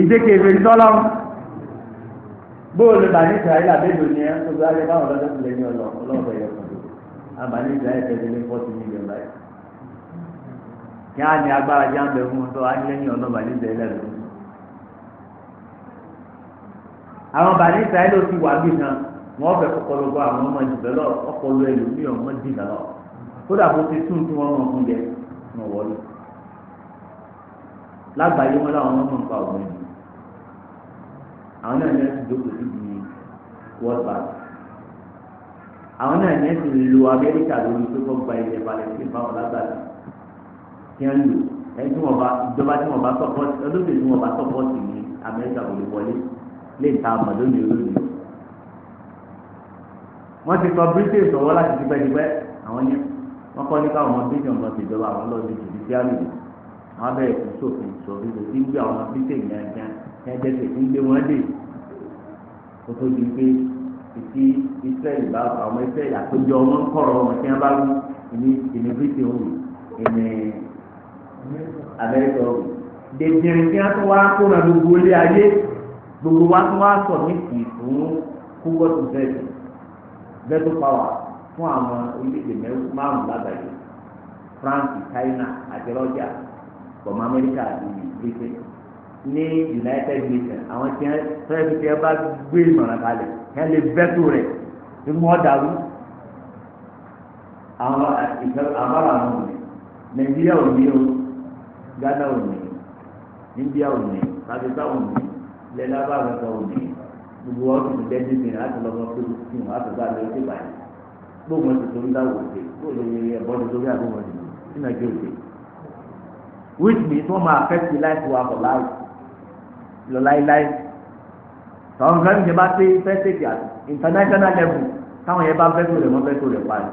Speaker 1: ìdékè ìfèrè tọ́lọ́run bóòlù bàní israẹli àbẹ́dò ni ẹ tó sáré báwọn lọ́dọ̀ tilẹ̀ ní ọlọ ọlọ́ọ̀bẹ yẹ kùn á bàní israẹli tẹ̀lé ní fọ́tì mílíọ̀nù báyìí kí á ní agbára jẹ́ àbẹ̀ fún tó á nílẹ̀ ní ọlọ́ bàní israẹli lẹ́nu. àwọn bàní israẹli ó ti wà bí kan wọ́n fẹ́ kọ́kọ́lọ́ bọ́ àwọn ọmọ ìdìbẹ́ lọ ọkọlọ ẹlòmíì ọmọ dìbà lọ kódà bó ti tún tí wọ́n mọ̀ fún jẹ wọn wọlé lágbàáyé wọn láwọn ọmọ nǹkan ọ̀gbìn àwọn náà ní ẹsìn dókòó sí di world bank àwọn náà ní ẹsìn lo amẹ́ríkà lórí tó kọ́ gba ilẹ̀ palestine báwọn lágbàdo kí wọ́n lò ẹni tí wọ́n bá ìjọba tí wọ́n bá sọ́pọ́tì olóògbé tí wọ́n bá sọ́pọ́tì ní amẹ́ríkà kò lè wọlé lè ta àmọ́ lónìí olóògbé wọ́n ti kọ britain sọ̀wọ́ láti tipẹ́tipẹ́ àwọn ní wọ́n kọ́ ní káwọn ọmọ britain ọmọ tìjọba àwọn lọ́ọ́ di jùdí ẹ̀jẹ̀ tètè ń gbé wọn dé kó tó di pé ìdí israẹli bá àwọn israẹli àtọjọ wọn ń kọrọ wọn tí wọn bá wú ìní ìní britain wù ìní amẹríkà wù dèjìrì tí wọn tún wá kó na gbogbo ilé ayé gbogbo wa tún wá sọ ní kì í fún kúwọ́ tó bẹ́ẹ̀ bẹ́ẹ̀ tó pàwọ́ fún àwọn orílẹ̀-èdè márùn-ún lágbàáyé france china àti russia pọ̀ mọ́ amẹ́ríkà àti britain ní United Nations àwọn tí wọn fẹ́ẹ́ fi tiẹ̀ bá gbé ìmọ̀ràn kalẹ̀ yẹn lè vẹ́tò rẹ̀ tí wọ́n dàrú àwọn ìfẹ́ àbára àwọn òní Nàìjíríà òní o Ghana òní India òní Pakistan òní lẹ́la bá àgbàdo òní gbogbo wọn tún lé ní ìgbìyànjú láti lọ́wọ́ pé kí wọn láti bá lọ sí báyìí gbogbo wọn ti torí dáwọ̀ òde gbogbo wọn yẹ bọ́ọ̀lù lórí àgbọ̀wọ̀n ìlú sí Nàìjíríà òde which means wọ́n máa fẹ́ sí láìpẹ́ wà for life lọ láéláé tọ́wọ́n fẹ́ mi ṣe bá pé fẹ́ tètè àti international level táwọn yẹn bá fẹ́ tó rẹ̀ wọ́n fẹ́ tó rẹ̀ parí.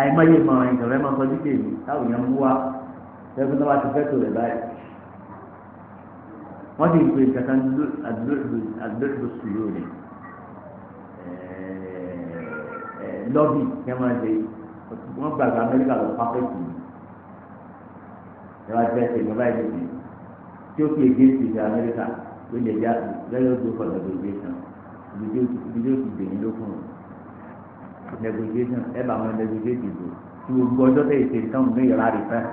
Speaker 1: àìmọye ìmọ̀ràn ìjọba ẹ̀ máa sọ dídè mi táwọn yẹn ń wá fẹ́ẹ́ fún tó bá ti fẹ́ tó rẹ̀ báyìí. wọ́n ti ń pè kàtà àdúrógbò sùúrù ni lọ́bì kẹ́ máa ṣe wọ́n gbàgbà amẹ́ríkà lọ pápẹ́tì ìwádìí ẹ̀sẹ̀ ìjọba ìdíje tí ó fi èdè ìsìnkú amẹ́ríkà ló lè já lẹ́yìn oṣù for negotiation ibi tí ó ti lókun negotiation ẹ bá wọn negotiate ìbò tí gbogbo ọjọ́ tẹ̀ ìṣe káwọn ní ìlà rẹ̀ fẹ́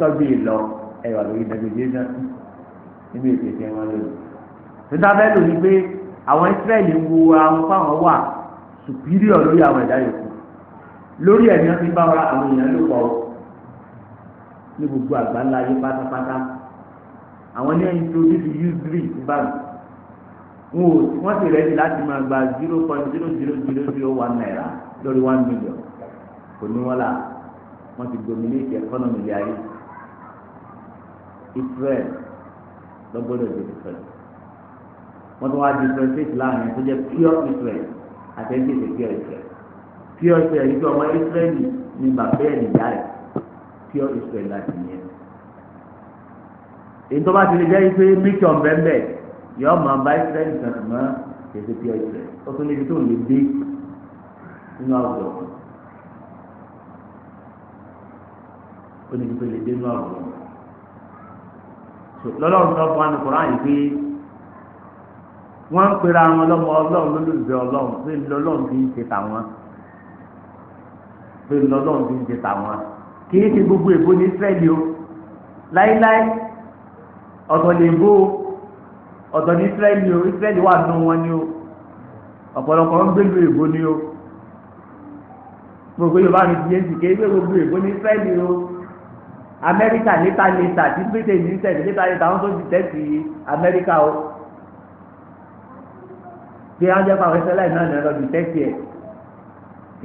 Speaker 1: tọ́jú ìlọ ẹ wà lórí negotiation nínú ètò ìṣe wọn lórí. títà ló ní pé àwọn Ísírẹ́lì ń wo àwọn fáwọn wà superior lórí àwọn ẹ̀dá yòókù lórí ẹ̀ ní wọ́n ti bá wọn àwọn èèyàn ló pọ̀ ní gbogbo àgbáńlá yé pátápátá àwọn ní introduce usury bank wọn ò wọ́n sì rẹ́dí láti máa gba zero point zero zero zero zero one naira lórí one million kò ní wọ́n là wọ́n ti dominate economy ilé ayé Israel lọ́gbọ́dọ̀ di different wọ́n tún wá differentiate láàrin tó jẹ́ pure Israel àti ẹni tètè pure Israel pure Israel yìí tó ọmọ Israel ní bàbá ẹ̀ nìyá rẹ̀ pure Israel láti yẹn èyí tó bá ti lè jẹ́ pé mílíọ̀n bẹ́ẹ̀ yọ máa bá ìsirẹ́lì kan mọ́ ètò pí ọ̀sẹ̀ ó tún lébi tó lè dé nínú àwùjọ ó ní pípé lè dé nínú àwùjọ lọ́lọ́run tó fún anukọ̀rọ̀ àyè pé wọ́n ń pera wọn lọ́mọ ọlọ́run lólùfẹ́ ọlọ́run pé lọ́lọ́run fi ń ṣe tàwọn pé lọ́lọ́run fi ń ṣe tàwọn kì í ṣe gbogbo èbó ní Ísírẹ́lì o láíláí ọ̀tọ̀ lè gbó ọ̀tọ̀ ní Ísírẹ́lì o Ísírẹ́lì wà nù wọn ni o ọ̀pọ̀lọpọ̀ ń gbé lu ègbó ni o gbogbo Yorùbá mi ti yé ti kéé gbé gbogbo ègbó ní Ísírẹ́lì o Amẹ́ríkà létà létà tí Britain ní sẹ́ẹ̀dì létà létà wọn tó ti tẹ́sí Amẹ́ríkà o tí wọn jẹ́ pàwọn ẹsẹ̀ láì náà lọ́ọ́ ti tẹ́sí ẹ̀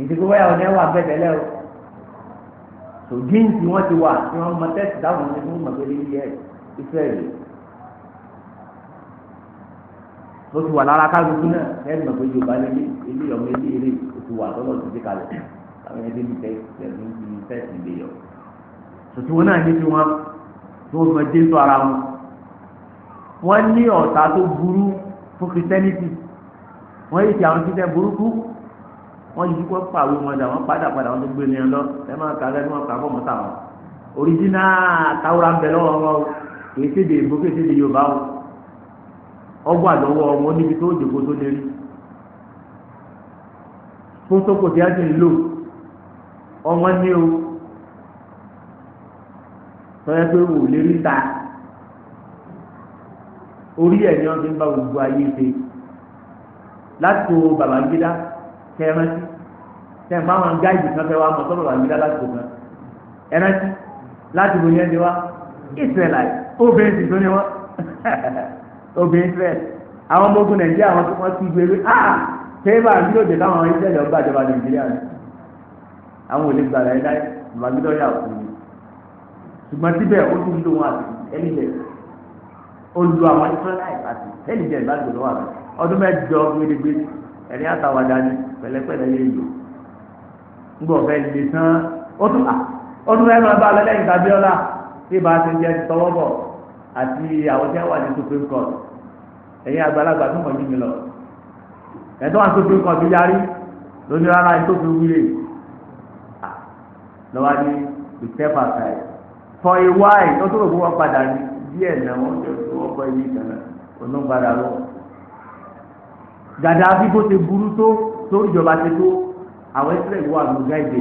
Speaker 1: ìdíkú wáyà wọn ẹ̀ wà bẹ́ẹ̀ tẹ́lẹ̀ o tòjíǹsì wọn ti wà tí wọn mọ tẹ́sí dáhùn ní fún mọ̀gbẹ́lẹ́ yìí ẹ̀ iṣẹ́ yìí ó ti wà lára kálukú náà kẹ́hìn mọ̀ pé yorùbá lélẹ̀ ilé ọmọ ilé eré ó ti wà lọ́dọ̀ tó ti kalẹ̀ àwọn ẹni tí tẹ ẹni tí tẹ ti lè yọ tòtí wọn náà ní tí wọn tó mọ dé sọ ara wọn wọn ní ọ̀tá tó burú fún kìtẹ́nìtì wọn yìí ti àwọn títẹ burúkú wọn yìí kọ́ pàwé wọn dà wọn padà padà wọn tó gbé ní ọ ẹ máa kà á lẹ́nu wọn fọ́ mọ́ta wọn òrìjínà táwọn ra ń bẹ lọ́wọ́ wọn o. kìí si dèbò kìí ṣe dè yorùbá o ọgbà lọ́wọ́ ọmọ níbi tó dèbò tó lè fún tí a ti ń lò ọmọ ní o sọ́yẹ́ pé wò ta orí ẹ̀ ni wọ́n fi ń bá gbogbo ayé ṣe láti wo wọn gáàjì kan fẹ́ wá mọ̀ lati babangida láti wò kan láti wò yẹn ti wá obìnrin sì tó ní wọn <laughs> obìnrin fẹ àwọn ọmọ ogun nàìjíríà wọn wọn ti gbé wí ah tẹ́lifà ní òde káwọn ìṣẹ̀lẹ̀ ọgbà ìjọba nàìjíríà ni àwọn òde gbàgbà ẹ̀dá ìmàgbédọ́ yà kú ni ṣùgbọ́n síbẹ̀ ó tún lò wọn àti ẹni jẹ olù àwọn àti ẹni jẹ lọ́wọ́ rẹ ọdún mẹ́jọ ah! ọdún mẹ́rin àti àwọn tí wọ́n wà ní supreme court ẹ̀yin àgbàlagbà tó mọ̀ yín mi lọ ẹ̀tọ́ wà supreme court yarí lónìí rárá ẹ̀tọ́ fi wílé lọ́wọ́ ní the paper side for a while tó tó rò fún wọn padà ní díẹ̀ náà wọ́n jẹ́ fún ọkọ̀ ẹ̀yìn ìtàn onígbàdà lọ. Gàdáfi bó ṣe burú tó tó ìjọba ṣe tó àwọn ẹ̀sìn rẹ̀ wà lóga ìdè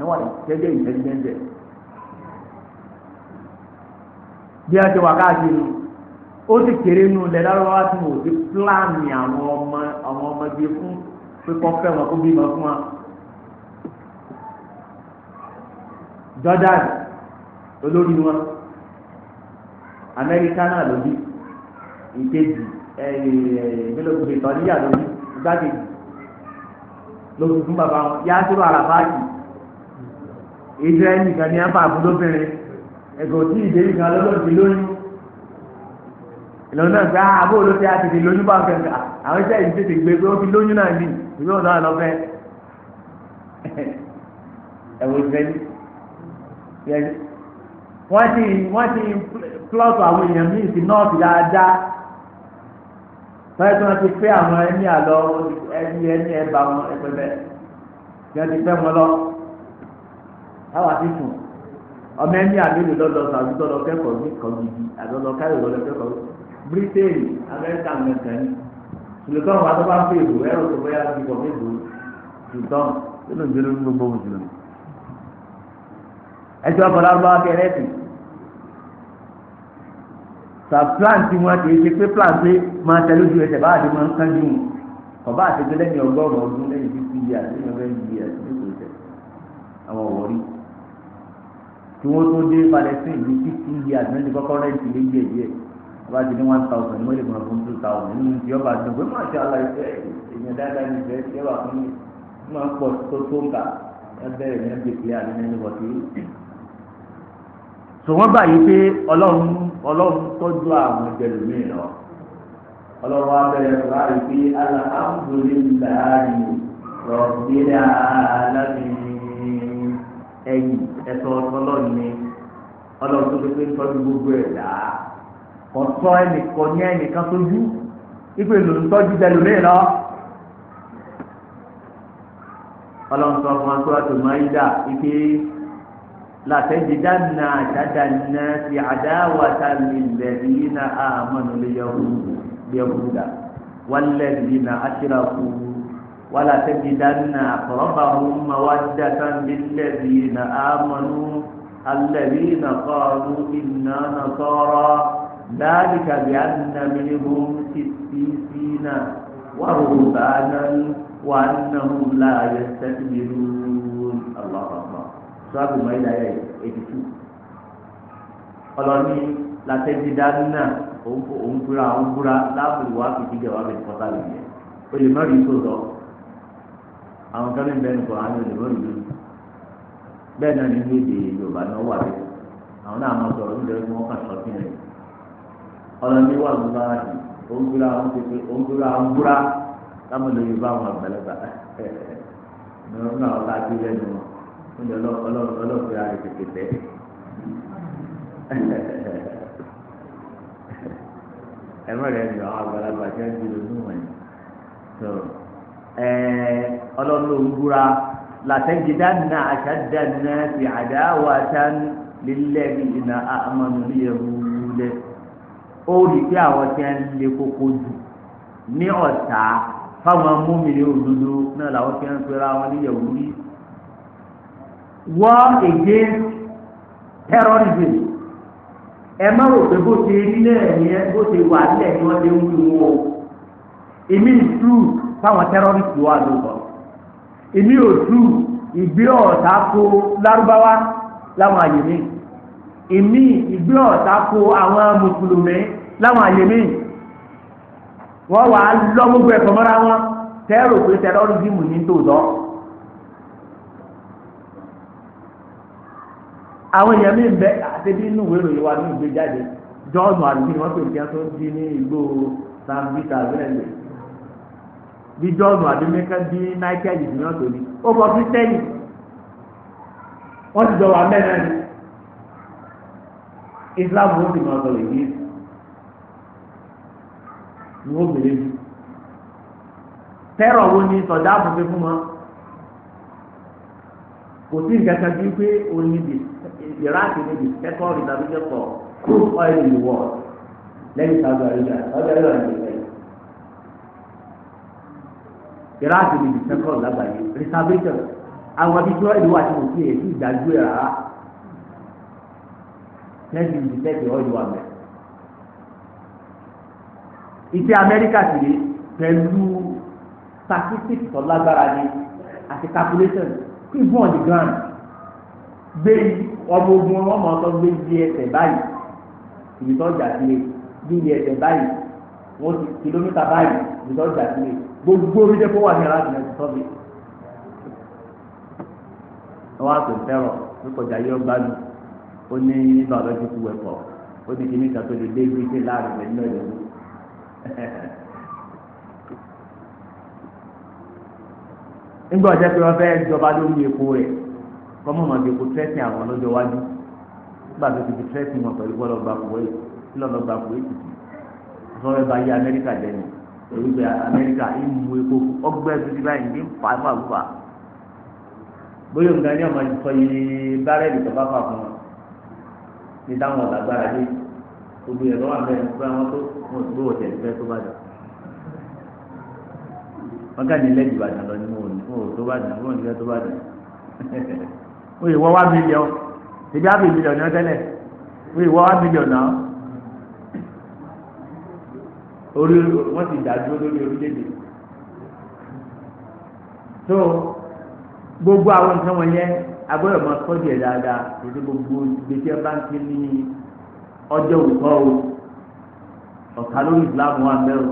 Speaker 1: ẹ̀wọ̀n ìtẹ́jẹ́ ìtẹ́jẹ́ bí a ti wà káàkiri ó sì kéré nù lẹ lárúbáwá tí mo ti pílánì àwọn ọmọ àwọn ọmọdé fún pípọ́ fẹ́ wọn kó bímọ fún wa. Jordan olórí wọn Amẹ́ríkà náà ló bí ìkejì mélòókùnrin ìtọ́níyà ló bí igbákejì ló fi fún bàbá wọn yá sírò àràfáàkì Israẹli kan ní àpá àbúlóbìnrin ẹ̀gọ́ tí ìdè yìí kan lọ́dọ̀ ti lóyún ìlọ́nà náà sá àbó ló ti àtètè lóyún bá fẹ́ àwọn iṣẹ́ yìí tètè gbé pé ó ti lóyún náà ní ìwé ọ̀nà àlọ́fẹ́ <laughs> ẹ̀wọ̀ ìfẹ́ni wọ́n ti wọ́n ti plọ́ọ̀tù àwọn èèyàn míì sí nọ́ọ̀tì dáadáa tọ́yẹ́ tí wọ́n ti pé àwọn ẹni àlọ́ ẹni ẹni ẹ̀bà wọn ẹgbẹ̀bẹ̀ tí wọ́n ti pẹ́ wọn lọ. Táwa ti sùn ọmọ ẹni àmìlú lọ́dọ̀ sàbí tọ́lọ kẹ́kọ̀ọ́ bí kọ̀ọ̀gìdì àtọ́lọ káyọ̀ lọ́dọ kẹ́kọ̀ọ́ Britain Amẹ́ríkà mẹ́ta ni tùlùtọ́n wa tó bá ń fèèrè ẹ̀rọ tó bóyá ti bọ̀ fèèrè tùlùtọ́n tó ló ń gbé lórí gbogbo mùsùlùmí. ẹjọ́ bọ̀lá bá kẹ́ lẹ́sìn sàplan tí wọ́n ti ṣe pé plan pé máa tẹ lójú ẹsẹ̀ báà ti máa ń kánjú wọn ọba àtẹgbẹ́ lẹ́yìn ọgọ́rùn-ún ọdún lẹ́yìn fífi yíyà lẹ́yìn ọgọ́rùn-ún yíyà lẹ́yìn ọgọ́rùn-ún àwọn ọ̀wọ́rí tí wọ́n tó dé Palestine ní sixty years ní ti kọ́kọ́ rẹ́ǹtì lé díẹ̀ díẹ̀ wọ́n ti ní one thousand wọ́n lè mọ̀ fún two thousand nínú ti ọba àti ọgbẹ́ máa ṣe àlà ìfẹ́ èèyàn dáadáa ní ìfẹ́ ṣé wà fún mi máa ń pọ̀ tó tó ń kà ẹ bẹ̀rẹ̀ ní ẹgbẹ́ ìpínlẹ̀ àti ní ẹnìwọ̀ sí. sọ wọ́n gbà yìí pé ọlọ́run ọlọ́run tọ́jú àwọn ẹgbẹ̀rún lọ ọlọ́run abẹ́rẹ́ rẹ̀ wá rí pé alhamdulillahi rabbil alamin ẹ̀yìn ẹ̀tọ́ ọlọ́ọ̀ni ọlọ́run tó pépé ń tọ́jú gbogbo ẹ̀ dá ọ̀tọ́ ẹnìkan ní ẹnìkan tójú ipò èlò ń tọ́jú tẹlómi lọ. ọlọ́run sọ fún akpé wa tó máa yí dà ike làtẹ́jìdánná àdádánná ti àdáwàtà lilladhina amanu liyahud yahuda walladhina ashraku. ولا تجدن أقربهم مودة للذين آمنوا الذين قالوا إنا نصارى ذلك بأن منهم قسيسين ورهبانا وأنهم لا يستكبرون الله أكبر سورة المائدة آية 82 ọlọ́ni làtẹ́jìdání náà òun fura òun fura láàbùrù wá fìdí jẹ́ wá bẹ̀rẹ̀ kọ́tà lóye o lè má rí tó lọ àwọn kan ní bẹ́ẹ̀ni kọ́ àwọn èdè lóyìnbó bẹ́ẹ̀ náà ní ní èdè yorùbá náà wà bẹ́ẹ̀ àwọn náà máa sọ̀rọ̀ nítorí pé wọ́n kà sọ sí rẹ̀ ọlọ́ni wà lóba àti òǹkúra òǹkúra òǹkúra òǹkúra táwọn olóyè bá wọn àgbàlagbà nínú àwọn bá gbé lẹ́nu wọn ní ọlọ́ọ̀fẹ́ àrẹ tètè tẹ́ ẹ̀rọ rẹ̀ ni àwọn àgbàlagbà jẹ́ ń bí lónìí wọ̀nyí ọlọ́run òwúra làtẹ́jìdá nà àṣàdá nà ti àdáwà tán lílẹ̀ bí iná àmọ́nù ní ewúrẹ́ ó rí pé àwọn tí wọ́n lé koko jù ní ọ̀tá fáwọn múmìnir òdodo náà làwọn tí wọ́n pera wọn ní yahudi war against terrorism ẹ má rò pé bó ṣe rí náà yẹn bó ṣe wà nílẹ̀ ni wọ́n lé ń wí wọn èmi ìtú fáwọn terrorist wà lóko èmi ò tú ìgbé ọ̀tá kó lárúbáwá láwọn àyè mi èmi ìgbé ọ̀tá kó àwọn mùsùlùmí láwọn àyè mi wọ́n wàá lọ́ gbogbo ẹ̀kọ́ mọ́ra wọn tẹ́rù pé tẹ́rọ́rìsìmù ní tòótọ́. àwọn èèyàn mi bẹ àtẹ́bí inú ìwé ìròyìn wa ní ìgbéjáde jọ́ọ̀nù àdúgbò ni wọ́n pè ní kí wọ́n tó di ní ìgboro san vita bẹ́ẹ̀ lè bí dọ́ọ̀nù àdémẹ́ká bí náíkẹ́lì ní ọ̀tọ̀ ni ó kọ kírísítẹ́nì wọ́n ti jọ wà mẹ́rin ni islam ó sì máa sọ lè yí ni ó bèrè mi tẹ́rọ̀ wo ni sọ̀dá àbùkẹ́ fún wọn kò sí nǹkan kan bíi pé òun ni the iraq ni the second republic of oil in the world lẹ́yìn sábà rẹ̀ ọjọ́ ìlànà ìgbẹ́ gíláàsì ní ìdí sẹ́kọ̀ọ́ lágbàáyé reservation àwọn ibi tí wọ́n ìlú àti òkú yẹn sì dájú ẹ̀ rárá lẹ́yìn ìdí sẹ́kì ọ̀yọ́ àmẹ́. ìṣe amẹ́ríkà sì rí pẹ̀lú statistics tó lágbára ni àti calculation quick bond grand gbé ọmọ ogun ọmọ ọtọ gbé di ẹsẹ̀ báyìí ìbítọ́jà sílẹ̀ bí di ẹsẹ̀ báyìí wọ́n ti kìlómítà báyìí ìbítọ́jà sílẹ̀ gbogbo orí dẹ́kọ̀ wà ní aláàbí náà ti tọ́ mi. wọ́n á pè fẹ́rọ̀ lókọjà yọ gbádùn ó ní nígbà bẹ́ẹ̀ ti kú ẹ̀kọ́ ó ní kíní ìgbà tó lè dé ibi tí láàrin rẹ̀ náà lè wú. <laughs> nígbà ọjọ́ pé wọ́n fẹ́ jọba lórí epo rẹ̀ kọ́mọ̀mọ́ ti kó tẹ́sìn àwọn lọ́jọ́ wájú nígbà tó ti fi tẹ́sìn wọn pẹ̀lú bọ́ọ̀lù ọgbà kúwé lọ́lọ́gbà kúwé tìtì lọ́wọ́ ẹ bá yé Amẹ́ríkà jẹ́ èyí bẹ amẹ́ríkà ìmú epo ọgbẹ́ títí báyìí ní nfa fàlùfà bóyá nǹkan ní ọmọ ìsọ yìí bárẹ́lì tó bá fà fún un ní táwọn ọ̀làgbára dé gbogbo ẹ̀rọ wà bẹ́ẹ̀ fún àwọn tó wọn tó wọ̀ tẹ̀lé fẹ́ tó bá dà wọn kà ní lẹ́yìn ìbàdàn lọ ní wọn ò tó bá dà wọn ò ní fẹ́ tó bá dà <laughs> wọn ìwọ wá mílíọ̀n ìdí àbí mílíọ̀n ní wọn wá mílíọ̀n náà orí wọ́n ti dàdúró lórí orílẹ̀-èdè So, gbogbo àwọn nǹkan wọn yẹn agbọ́dọ̀ máa tọ́jú ẹ̀ dáadáa ètò gbogbo gbèsè ẹ̀ bá ń ké ní ọjọ́ òkọ́ o ọ̀tá lórí ìsìlámù wa mẹ́rọ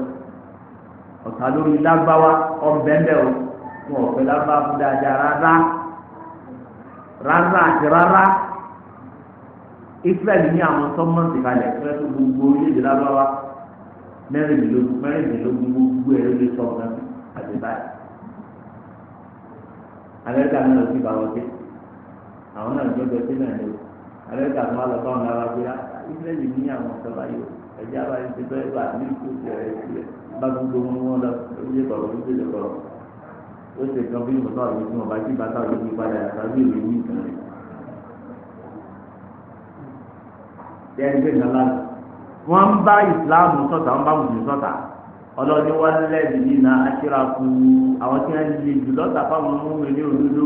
Speaker 1: ọ̀tá lórí lágbáwá ọ̀bẹ́ńbẹ́ o wọn ò fẹ́ lágbáwá fún dáadáa rárá rárá àti rárá Israẹli ní àwọn sọ́mọ́sì kalẹ̀ fẹ́ tó gbogbo orílẹ̀-èdè lágbáwá mẹ́rìndínlógún mẹ́rìndínlógún gbogbo ẹ̀ ló lè sọ ọ̀gá àti báyìí. Amẹ́ríkà náà lọ sí ìbáwọ̀ dé àwọn náà jọ bẹ sílẹ̀ ní o Amẹ́ríkà náà lọ bá wọn lára gbé Ísírẹ́lì ní àwọn ìjọba yìí o ẹ̀jẹ̀ àbáyé ti bẹ́ẹ̀ bá ní ìkú ti rẹ̀ sílẹ̀ bá gbogbo wọn wọn lọ oúnjẹ kọ̀rọ̀ oúnjẹ kọ̀rọ̀ ó ṣe kan bí mo náà lè fún ọba tí bàtà òye mi padà àtàwé ìwé ní ìtàn rẹ̀. Ṣé ẹni pé nǹkan láti wọ́n ń bá ìsìláàmù sọ̀tà wọ́n bá mùsùlùmí sọ̀tà ọlọ́ni wọ́n lẹ́bi nínú tí lè jù fáwọn ọmọọmọ ní òdodo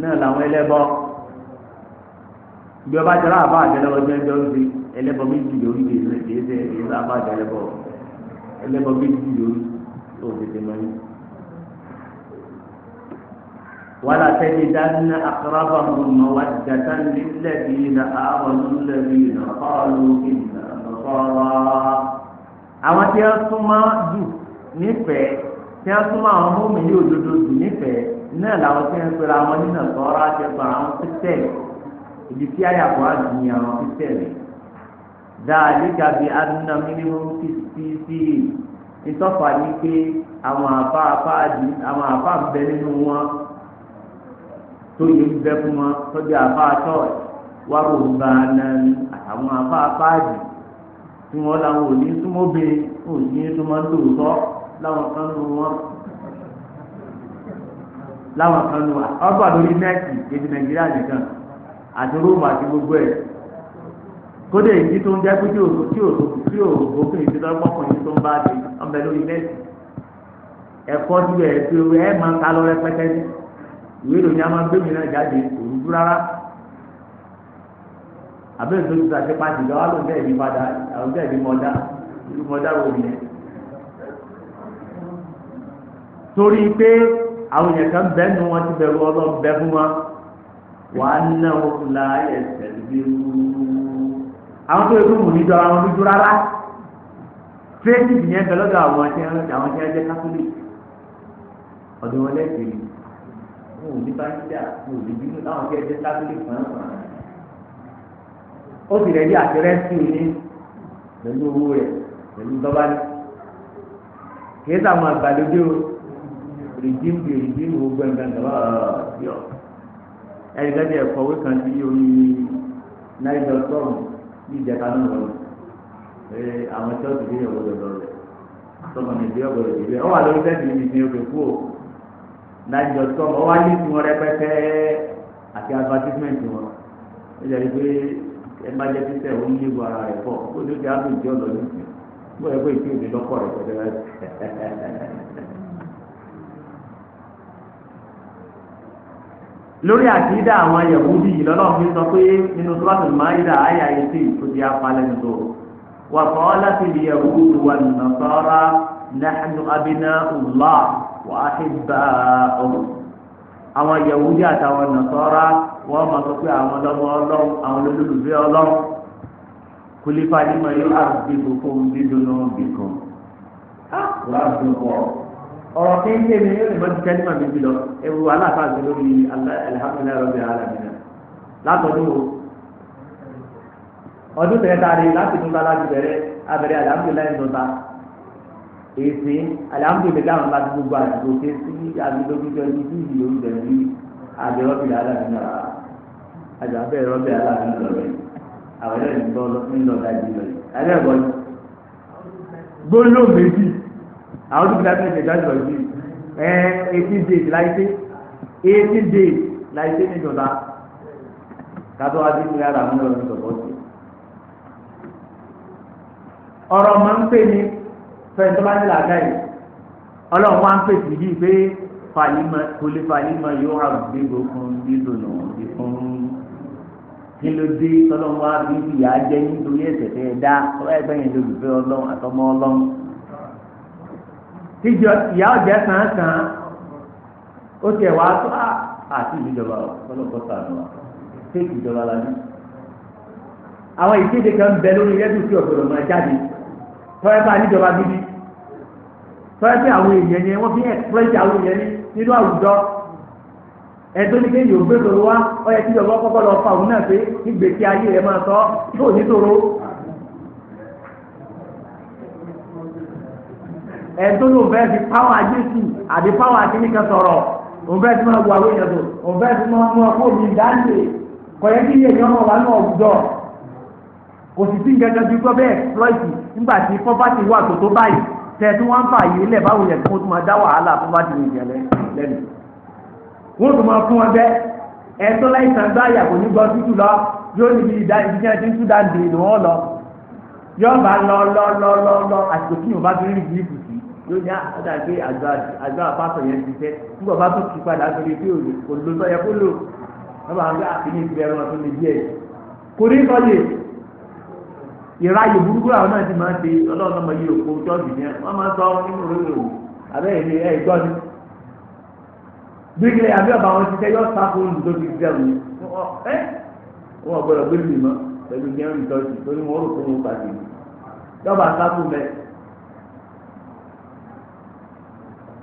Speaker 1: náà làwọn ẹlẹ́bọ bí ọba kọ̀ọ̀rọ̀ àwọn tí wọ́n súnmọ́ jù nífẹ̀ẹ́ tí wọ́n súnmọ́ àwọn mọ́mí yìí òdodo jù nífẹ̀ẹ́ náà làwọn tí wọ́n pera wọn nínà sọ́ra ti pa àwọn kristẹni ibi tí àyàkọ́ àdìyí àwọn kristẹni dáadéka bíi adúná mímú fífi ìtọ́fà ní pé àwọn àfa àfa àdì àwọn àfa ń bẹ nínú wọn tó yẹ ń bẹ fún wọn tọ́jú àfa àtọ̀ wàrò ń bá a náà ní àtàwọn àfa àfa àdì. tí wọ́n làwọn ò ní súnmọ́bìnrin ò ní súnmọ́ tòótọ́ láwọn kan nù wọ́n láwọn kan nù ọgbà lórí èdè nàìjíríà nìkan àti róòmù àti gbogbo ẹ̀ kódé èyí tó ń jẹ́ pé tí ò tí ò tí ò òkè èyí tó ń bá di ọmọ lórí nẹ́ẹ̀tì ẹ̀kọ́ ẹ̀ máa ń ta lọ rẹpẹtẹ ìwé ìròyìn a máa ń gbé mi náà jáde àbẹ́rẹ́ tó ti ta ṣe pàṣẹ lọ́wọ́ ló ń tẹ̀ mí padà àwọn tẹ̀ mí mọ́dá irú mọ́dá wo ni ẹ̀. torí pé àwọn èèyàn kan bẹ́ẹ̀ nu wọn ti bẹ̀rù ọlọ́run bẹ́ fún wọn wàá ná òkú la ẹsẹ̀ bí wú. àwọn tó yẹ kó wùn níjọ àwọn onídùú rárá tírẹ́tì yẹn bẹ lọ́dọ̀ àwọn tí wọ́n àwọn tí wọ́n jẹ́ kátólì ọ̀dọ̀ wọn lẹ́sìn wọn ò ní bá ń bínú táwọn tí wọ́n jẹ́ kátólì fún ẹ̀ ó sì rẹ̀ ní àtẹrẹ́sì ní pẹ̀lú owó rẹ̀ pẹ̀lú dọ́bà ní. kìí sàwọn àgbàlódé o rìdíìmù bíi rìdíìmù gbogbo ẹ̀ǹkan gbà yọ. ẹnì kan ti ẹ̀kọ́ owó kan sí orí náírà sọ́ọ̀mù ní ìjẹta náà lọ́wọ́ ee àwọn tí wọ́n ti dé ọ̀gbọ́dọ̀ lọ rẹ̀ sọ́mọ ní ìdí ọ̀gbọ́dọ̀ ìdí rẹ̀ ọ wà lórí bẹ́ẹ̀dì níbi ní oge kú o náírà sọ́ọ̀mù ọ wá ní ìtumọ̀ rẹpẹtẹ àti advertisement wọn ó jẹ́ pé ẹ má jẹ́ títẹ̀ ó ń yéwu ara rẹ̀ pọ̀ ó ní kí á lè jẹ́ ọ̀dọ́ yìí bó ẹ pé ìpè òní lọ́pọ̀ rẹ̀ pẹ̀lú ẹ̀ lórí àkídà àwọn yahudi yìí lọ́lọ́run fi sọ pé nínú sọ́láṣí máyídà àyà etí tó di apalẹ̀ ńlọ wà kọ́ láti lè yahudu wà nàṣọ́ra nahnu abina'ullah wà á ti bá ọ̀rọ̀ àwọn yahudi àtàwọn nàṣọ́ra wọ́n máa sọ pé àwọn ọlọ́mọ ọlọ́run àwọn olólùfẹ́ ọlọ́run kúlífà nímọ̀ yóò àdìgbò fún dídùn náà bìkan. wọ́n á dùn kọ́ ọ̀rọ̀ kéńté mi yóò lè mọ́ ti tẹ́lifà mi jùlọ ewu aláàfáàsì lórí alihamudulilayi rọ̀bì alamina látọ̀dún o ọdún tẹ̀lé tari láti tún bala ti bẹ̀rẹ̀ abẹ̀rẹ̀ alihamudulilayi nọta èsì alihamudulilayi àwọn bá ti gbogbo àdìgbò ké àdìgbò gbígbẹ́ ní bí ìlú àbẹ rọbì aláàbí náà àjọ abẹ rọbì aláàbí náà lọrẹ àwọn ẹlẹ́rìí ń lọ ń lọ dájú lọrẹ alẹ́ ẹ̀kọ́ ni gbólóò méjì àwọn tó fi dájú lọrẹ dájú lọrẹ bí ẹ days láìpẹ́ eighteen days láìpẹ́ níjọba kátó wá sí ìlú ara àwọn ọlọ́run sọ̀rọ̀ sí. ọ̀rọ̀ máa ń pè ní fẹ́ntọ́ bá falima kuli falima yóò ha gbégbó fún bídùnú ìfún kí ló dé tọ́lọ́mù wa bí ìyá jẹ́ nítorí ẹ̀ṣẹ̀ tẹ́ ẹ dá ọlọ́yà gbẹ̀yìn lólùfẹ́ ọlọ́run àtọmọ ọlọ́run. tíjọ ìyá ọ̀jẹ̀ kan kan ó tiẹ̀ wá tó ah, àti ìjọba ọlọ́kọ̀ sànù wa fẹ́ẹ̀kì ìjọba la ní. àwọn ìkéde kan bẹ lórí rẹ́díò tí ọ̀gbọ̀dọ̀ máa jáde tọ́yẹ́ bá níjọba gidi tọ́yẹ́ bí àwọn èèyàn yẹn wọ́n fi ẹ̀ẹ́dẹ́gbẹ́jà àwọn èèyàn yẹn nínú àwùjọ ẹ̀tọ́ ní kéèyàn ò gbèsòrò wá ó yẹ kí ìjọba kọ́kọ́ lọ òun náà pé nígbèsè ayé rẹ̀ máa sọ tó nítorò ẹ̀tọ́ ní òun fẹ́ẹ́ fi páwà jésù àbí páwà kíníkan sọ̀rọ̀ òun fẹ́ẹ́ máa bu àwọn èèyàn tó òun máa mú mi dáńdé kọ̀yẹ́ kí wà ní kò sì sí nǹkan kan bí gbọ́ bẹ́ẹ̀ tẹ̀sí wọn fà yìí lẹ̀ báwo yẹ kí wọ́n tún máa dá wàhálà fún bàtí mi jẹ lẹ́nu wọ́n tún máa fún wọn bẹ́ ẹ̀tọ́ láìsàn bá yàgò ní gbọ́ tútù lọ yóò níbi ìdá ìdíjẹ́ ẹtí ń túdà dè ní wọ́n lọ yóò bá lọ lọ lọ lọ lọ àsìkò tí yóò bá tún rí ìbù sí yóò ní àdá pé àjọ àpapọ̀ yẹn ti tẹ́ nígbà bá tún kí padà sórí pé òlòtọ́ yẹ kó lò wọ́n bá ń ìráyè burúkú àwọn náà ti máa ń ṣe ọlọ́run náà máa yí òkú jọ́ọ̀bì yẹn wọ́n máa sọ nínú orí òwò abẹ́ ìlú ẹ̀ gbọ́ ni. bíríkìlẹ̀ àbí ọba wọn ti tẹ́ yọ sáfù olùdó ti tẹ́ wù ẹ́ wọn gbọ́dọ̀ gbé lùmí mọ́ pẹ̀lú jẹun ìtọ́jú torí wọn rò fún wọn pàṣẹ yọba sáfù mẹ́.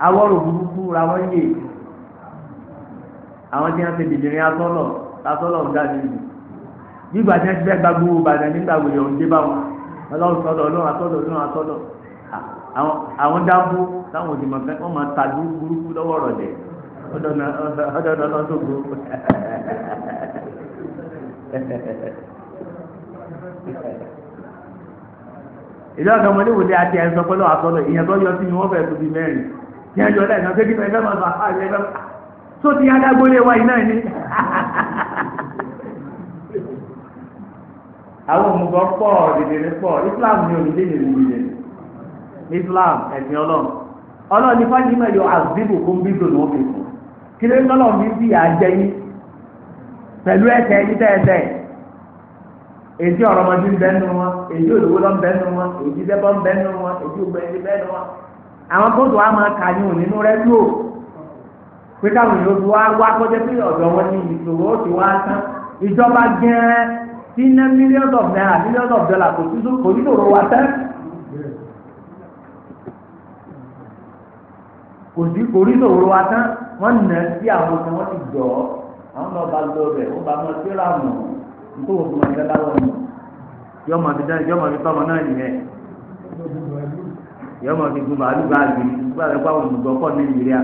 Speaker 1: awọ́rò burúkú ra wọ́n yé àwọn tí wọ́n ti dìbìrín asọ́lọ̀ asọ́lọ̀ ń dá nínú bí ìbàdàn ti fẹ́ gba gbogbo ìbàdàn nígbà wòye ọ̀hún dé bá wọn ọlọ́run sọ́dọ̀ ọlọ́run àtọ́dọ̀ ọlọ́run àtọ́dọ̀ àwọn dáńbó táwọn òdì mọ̀ọ́kẹ́ wọ́n máa ta burúkú lọ́wọ́ ọ̀rọ̀ dẹ̀ ọ̀dọ̀dọ̀ lọ́dọ̀gbò ìjọ àgbà ọmọdé wòlé àti ẹ̀sọ́ pẹ́lú àtọ́lọ̀ ìyẹn tó yọ sí ni wọ́n fẹ́ tóbi mẹ́rin tí wọ́n yọ lẹ́yìn náà kékeré ẹgbẹ́ máa sọ àyè ẹgbẹ́ tó ti yá dágbólé wa iná ẹni. <laughs> àwọn òmùgọ̀ pọ̀ dèdèrè pọ̀ islam ni òmìnir ní ìrìnlẹ̀ islam ẹ̀sìn ọlọ́run ọlọ́run ní fájìmọ̀ yọ àzíbù kó ń bí dòdò wọn fi kù kí ló ń lọ́lọ́ mi bí àjẹ́ yín pẹ̀lú ẹ̀sẹ̀ yín tẹ́ẹ̀tẹ́ èdè ọ̀rọ̀mọdé ń bẹ́nu wọn èdè bẹ́nu wọn èdè ń bẹ́nu wọn èdè bẹ́nu wọn àwọn kóòtù wa máa kà ní òní tí ná mílíọ̀nù of náírà mílíọ̀nù of dọ́là kò tún kò ní lòrò wa tẹ́. kò sí kò ní lòrò wa tán wọ́n nà sí àwọn kan wọ́n ti jọ ọ́ àwọn náà bá lọ bẹ̀ wọ́n bá mọ sí ràmù nítorí wọ́n fi máa dá láwọn nù. yọ ọmọ mi dáná yọ ọmọ mi tọ́ ọmọ náà nìyẹn yọ ọmọ mi gun màálù bá nígbà tó bá wọn gbọ́ pọ̀ Nàìjíríà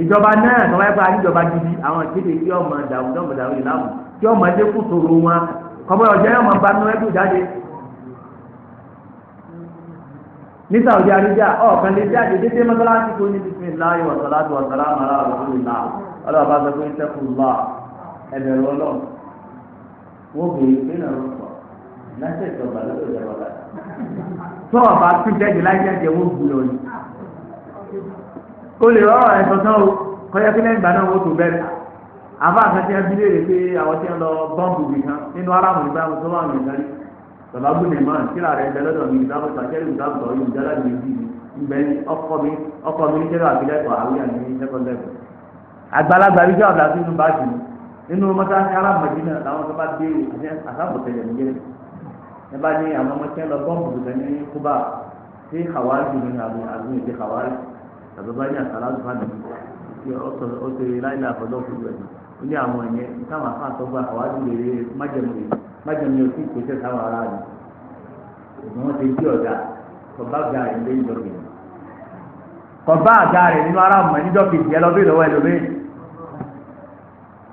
Speaker 1: ìjọba náà tọ́wọ́ ẹ̀ pa ìjọba gidi àwọn ìkéde tí ọmọ dàrú dọ́mọdàrú ìlàwọ̀ tí ọmọdé kù sòrò wọn kọ́mọ́ ọ̀jẹ́ yóò máa bá nínú ẹ̀dùn jáde. ní Saudi Arabia ọ̀kan lè jáde dédé mọ́tàláṣí tó ní bisimilayi wasalaatu wasalaamu ala rasulillah ọlọ́ọ̀bá sọ pé sẹ́kùlá ẹ̀bẹ̀rù ọlọ́ọ̀ wọ́n bèrè pé náà ló sọ láti ẹ̀sọ́ balẹ̀ ìjọba láti. sọ̀rọ̀ bá tún jáde láì jáde wọ́n gbù lọ ni. o lè rọrùn ẹ̀sọ́ sọ́wọ́ kọ́yọ́ kí ìgbà náà wọ́n tó bẹ́ẹ̀ àbá àkàtì abilé rè pé àwọn tí ń lọ bọ́ǹbù bì kan nínú aráàmù nígbà wọn tó láwọn yẹn darí bàbá gbọ́dọ̀ mọ́ kíra rẹ̀ bẹ lọ́dọ̀ mi ìdáàbò sàkẹ́rì ìdáàbò sọ̀rọ̀ yìí ìdáàbò mi bì ìgbẹ́ ọkọ mi ọkọ mi níjẹ́ àbí lẹ́kọ̀ọ́ àwíyá mi ní sẹ́kọ̀ lẹ́kọ̀ọ́. àgbàlagbà bí káwọn dàbí inú báàgì mi nínú mọ́sáàsì aráàmùjì náà làwọn tó bá dé àtàkùtẹ̀lẹ̀ níjẹ́ ẹ bá ní àwọn ọmọ tí ń lọ bọ́ǹbù bì kan ní Kúbà sí Hawaii ní àbí àbí ìdí Hawaii àbí bá ní àtàlà ilé àwọn ẹ̀yẹ táwọn afáàtọ́ gba àwájú lè rí májẹ̀mú rẹ̀ májẹ̀mú rẹ̀ sí táwọn ará rẹ̀ ìgbọ́n wọn ti di ọ̀dà kọ̀bá àga rẹ̀ lé ìjọba ẹ̀ kọ̀bá àga rẹ̀ nínú ará mọ̀ níjọ́ kejì ẹ lọ́bí lọ́wọ́ ẹlòmí.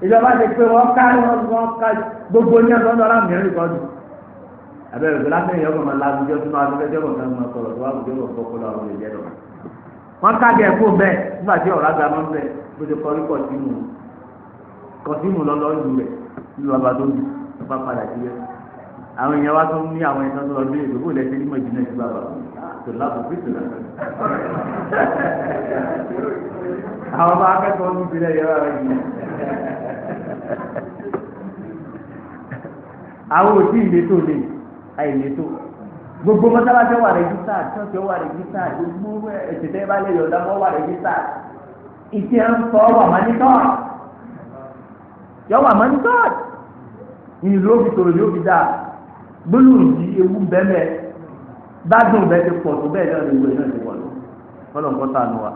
Speaker 1: ìjọba ti pé wọ́n ká wọ́n ká gbogbo ní ọ̀dọ́ ọ̀dọ́ aráàmì rẹ̀ kọ́ àbẹ̀rẹ̀ ìgbọ́lá fẹ́yìn ọgbọ̀n máa lágbèjọ́ tó máa fẹ́ jọ́gbọ̀n kan máa sọ̀rọ̀ tó wà lójú ọ̀gbọ̀n kọ́kọ́lọ́ àwọn ìjẹ́ lọ. wọ́n ká bí bẹ́ẹ̀ nígbà tí ọ̀rá ga máa ń bẹ̀ bó ti kọrí pọ̀ sínú kọsímù lọlọ ju rẹ ní bàbá tó ju bàbá padà sí rẹ àwọn èèyàn wa tó ní àwọn ẹ̀sán tó lọ bí èdè kó lè ṣe ní mọ̀jìnà sí bàbá tó lábò fi tó lábò. àwọn ọba akẹ́kọ̀ọ́ ní ìpínlẹ̀ yẹn wà lẹ́yìn. àwọn òsì ìletò lè àìletò gbogbo mọ́sálásí wà rẹ́gísítà tíọ́sì wà rẹ́gísítà gbogbo ẹ̀sìn tẹ́ bá lè yọ̀ọ̀dá wọ́n wà rẹ́gísítà ìṣe ń sọ wà má ní tọ́ọ̀ yọ wà mọ́ ní god ìyìn ló fi tòrò yóò fi dà gbólóhùn yìí ewu bẹ́ẹ̀ gbádùn bẹ́ẹ̀ ti pọ̀ tó bẹ́ẹ̀ náà lè wọ iná ti wọ̀ lọ fọlọ́nkọ́ sànù wa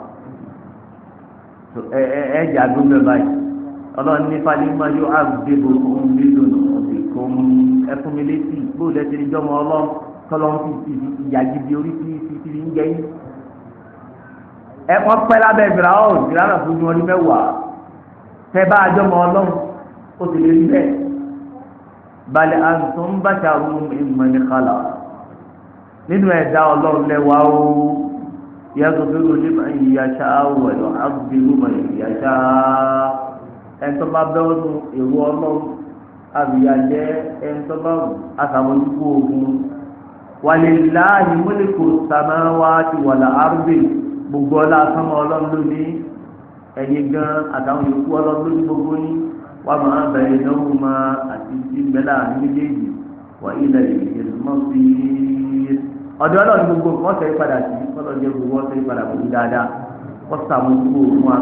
Speaker 1: ẹ ẹ ẹ jà dùn mẹ́ báyìí ọlọ́run ní falima yóò àgbébò ohun lílo ìkó ẹfun mi létí bóòlù ẹsẹ̀ níjọ́ mọ́ ọlọ́run tọ́lọ́ ń fi ti ìyá gidi orí ti ti ti ń jẹ́ yín. ẹ wọ́n pẹ́ lábẹ́ ìgbìlá ọ̀hún ìgbìlá náà fún mi wọn ní mẹ́wàá tẹ́ bá àjọ mọ́ ọlọ́run kó ti lè rí bẹ́ẹ̀ balẹ̀ àtúntò ń bàtà ọ̀hún ìmọ̀ ní kálá nínú ẹ̀dá ọlọ́run lẹ́wà ó yàtọ̀ tó lò ní ìyàṣá wẹ̀lọ́ àbúrò mọ̀ ìyàṣá ẹ̀tọ́ bá bẹ́ẹ̀ nù èrò ọlọ́run àbíyàjẹ́ ẹ̀tọ́ bá wù àtàmójúkú ogun wàlélàáyé mọ́lẹ́kọ̀ sàmáwá ti wà láàrúbì gbogbo ọlọ́run lónìí ẹ̀yẹ gan àtàwọn yòókù ọlọ́run lónìí gbogbo yìí. wà máa bẹ̀rẹ̀ lọ́wọ́ máa àti tí méjèèjì wà ilẹ̀ ìgbésùmọ̀ ọ̀dọ̀ ọlọ́run gbogbo wọ́n padà sí kọ́lọ́jẹ́ gbogbo wọ́n padà dáadáa tó kú wa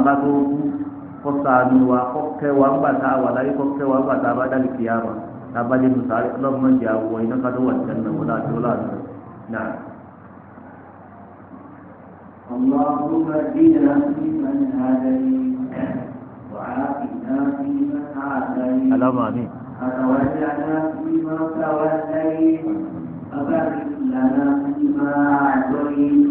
Speaker 1: wa ńgbà tá a wà láyé kọ́ wa ńgbà tá a bá dá lùkìyà wa tá a bá dé nùsàárẹ̀ ọlọ́run àwọ̀ iná ká tó wà náà وعافنا فيمن عافيت اللهم امين وتولنا فيمن توليت وبارك لنا فيما اعطيت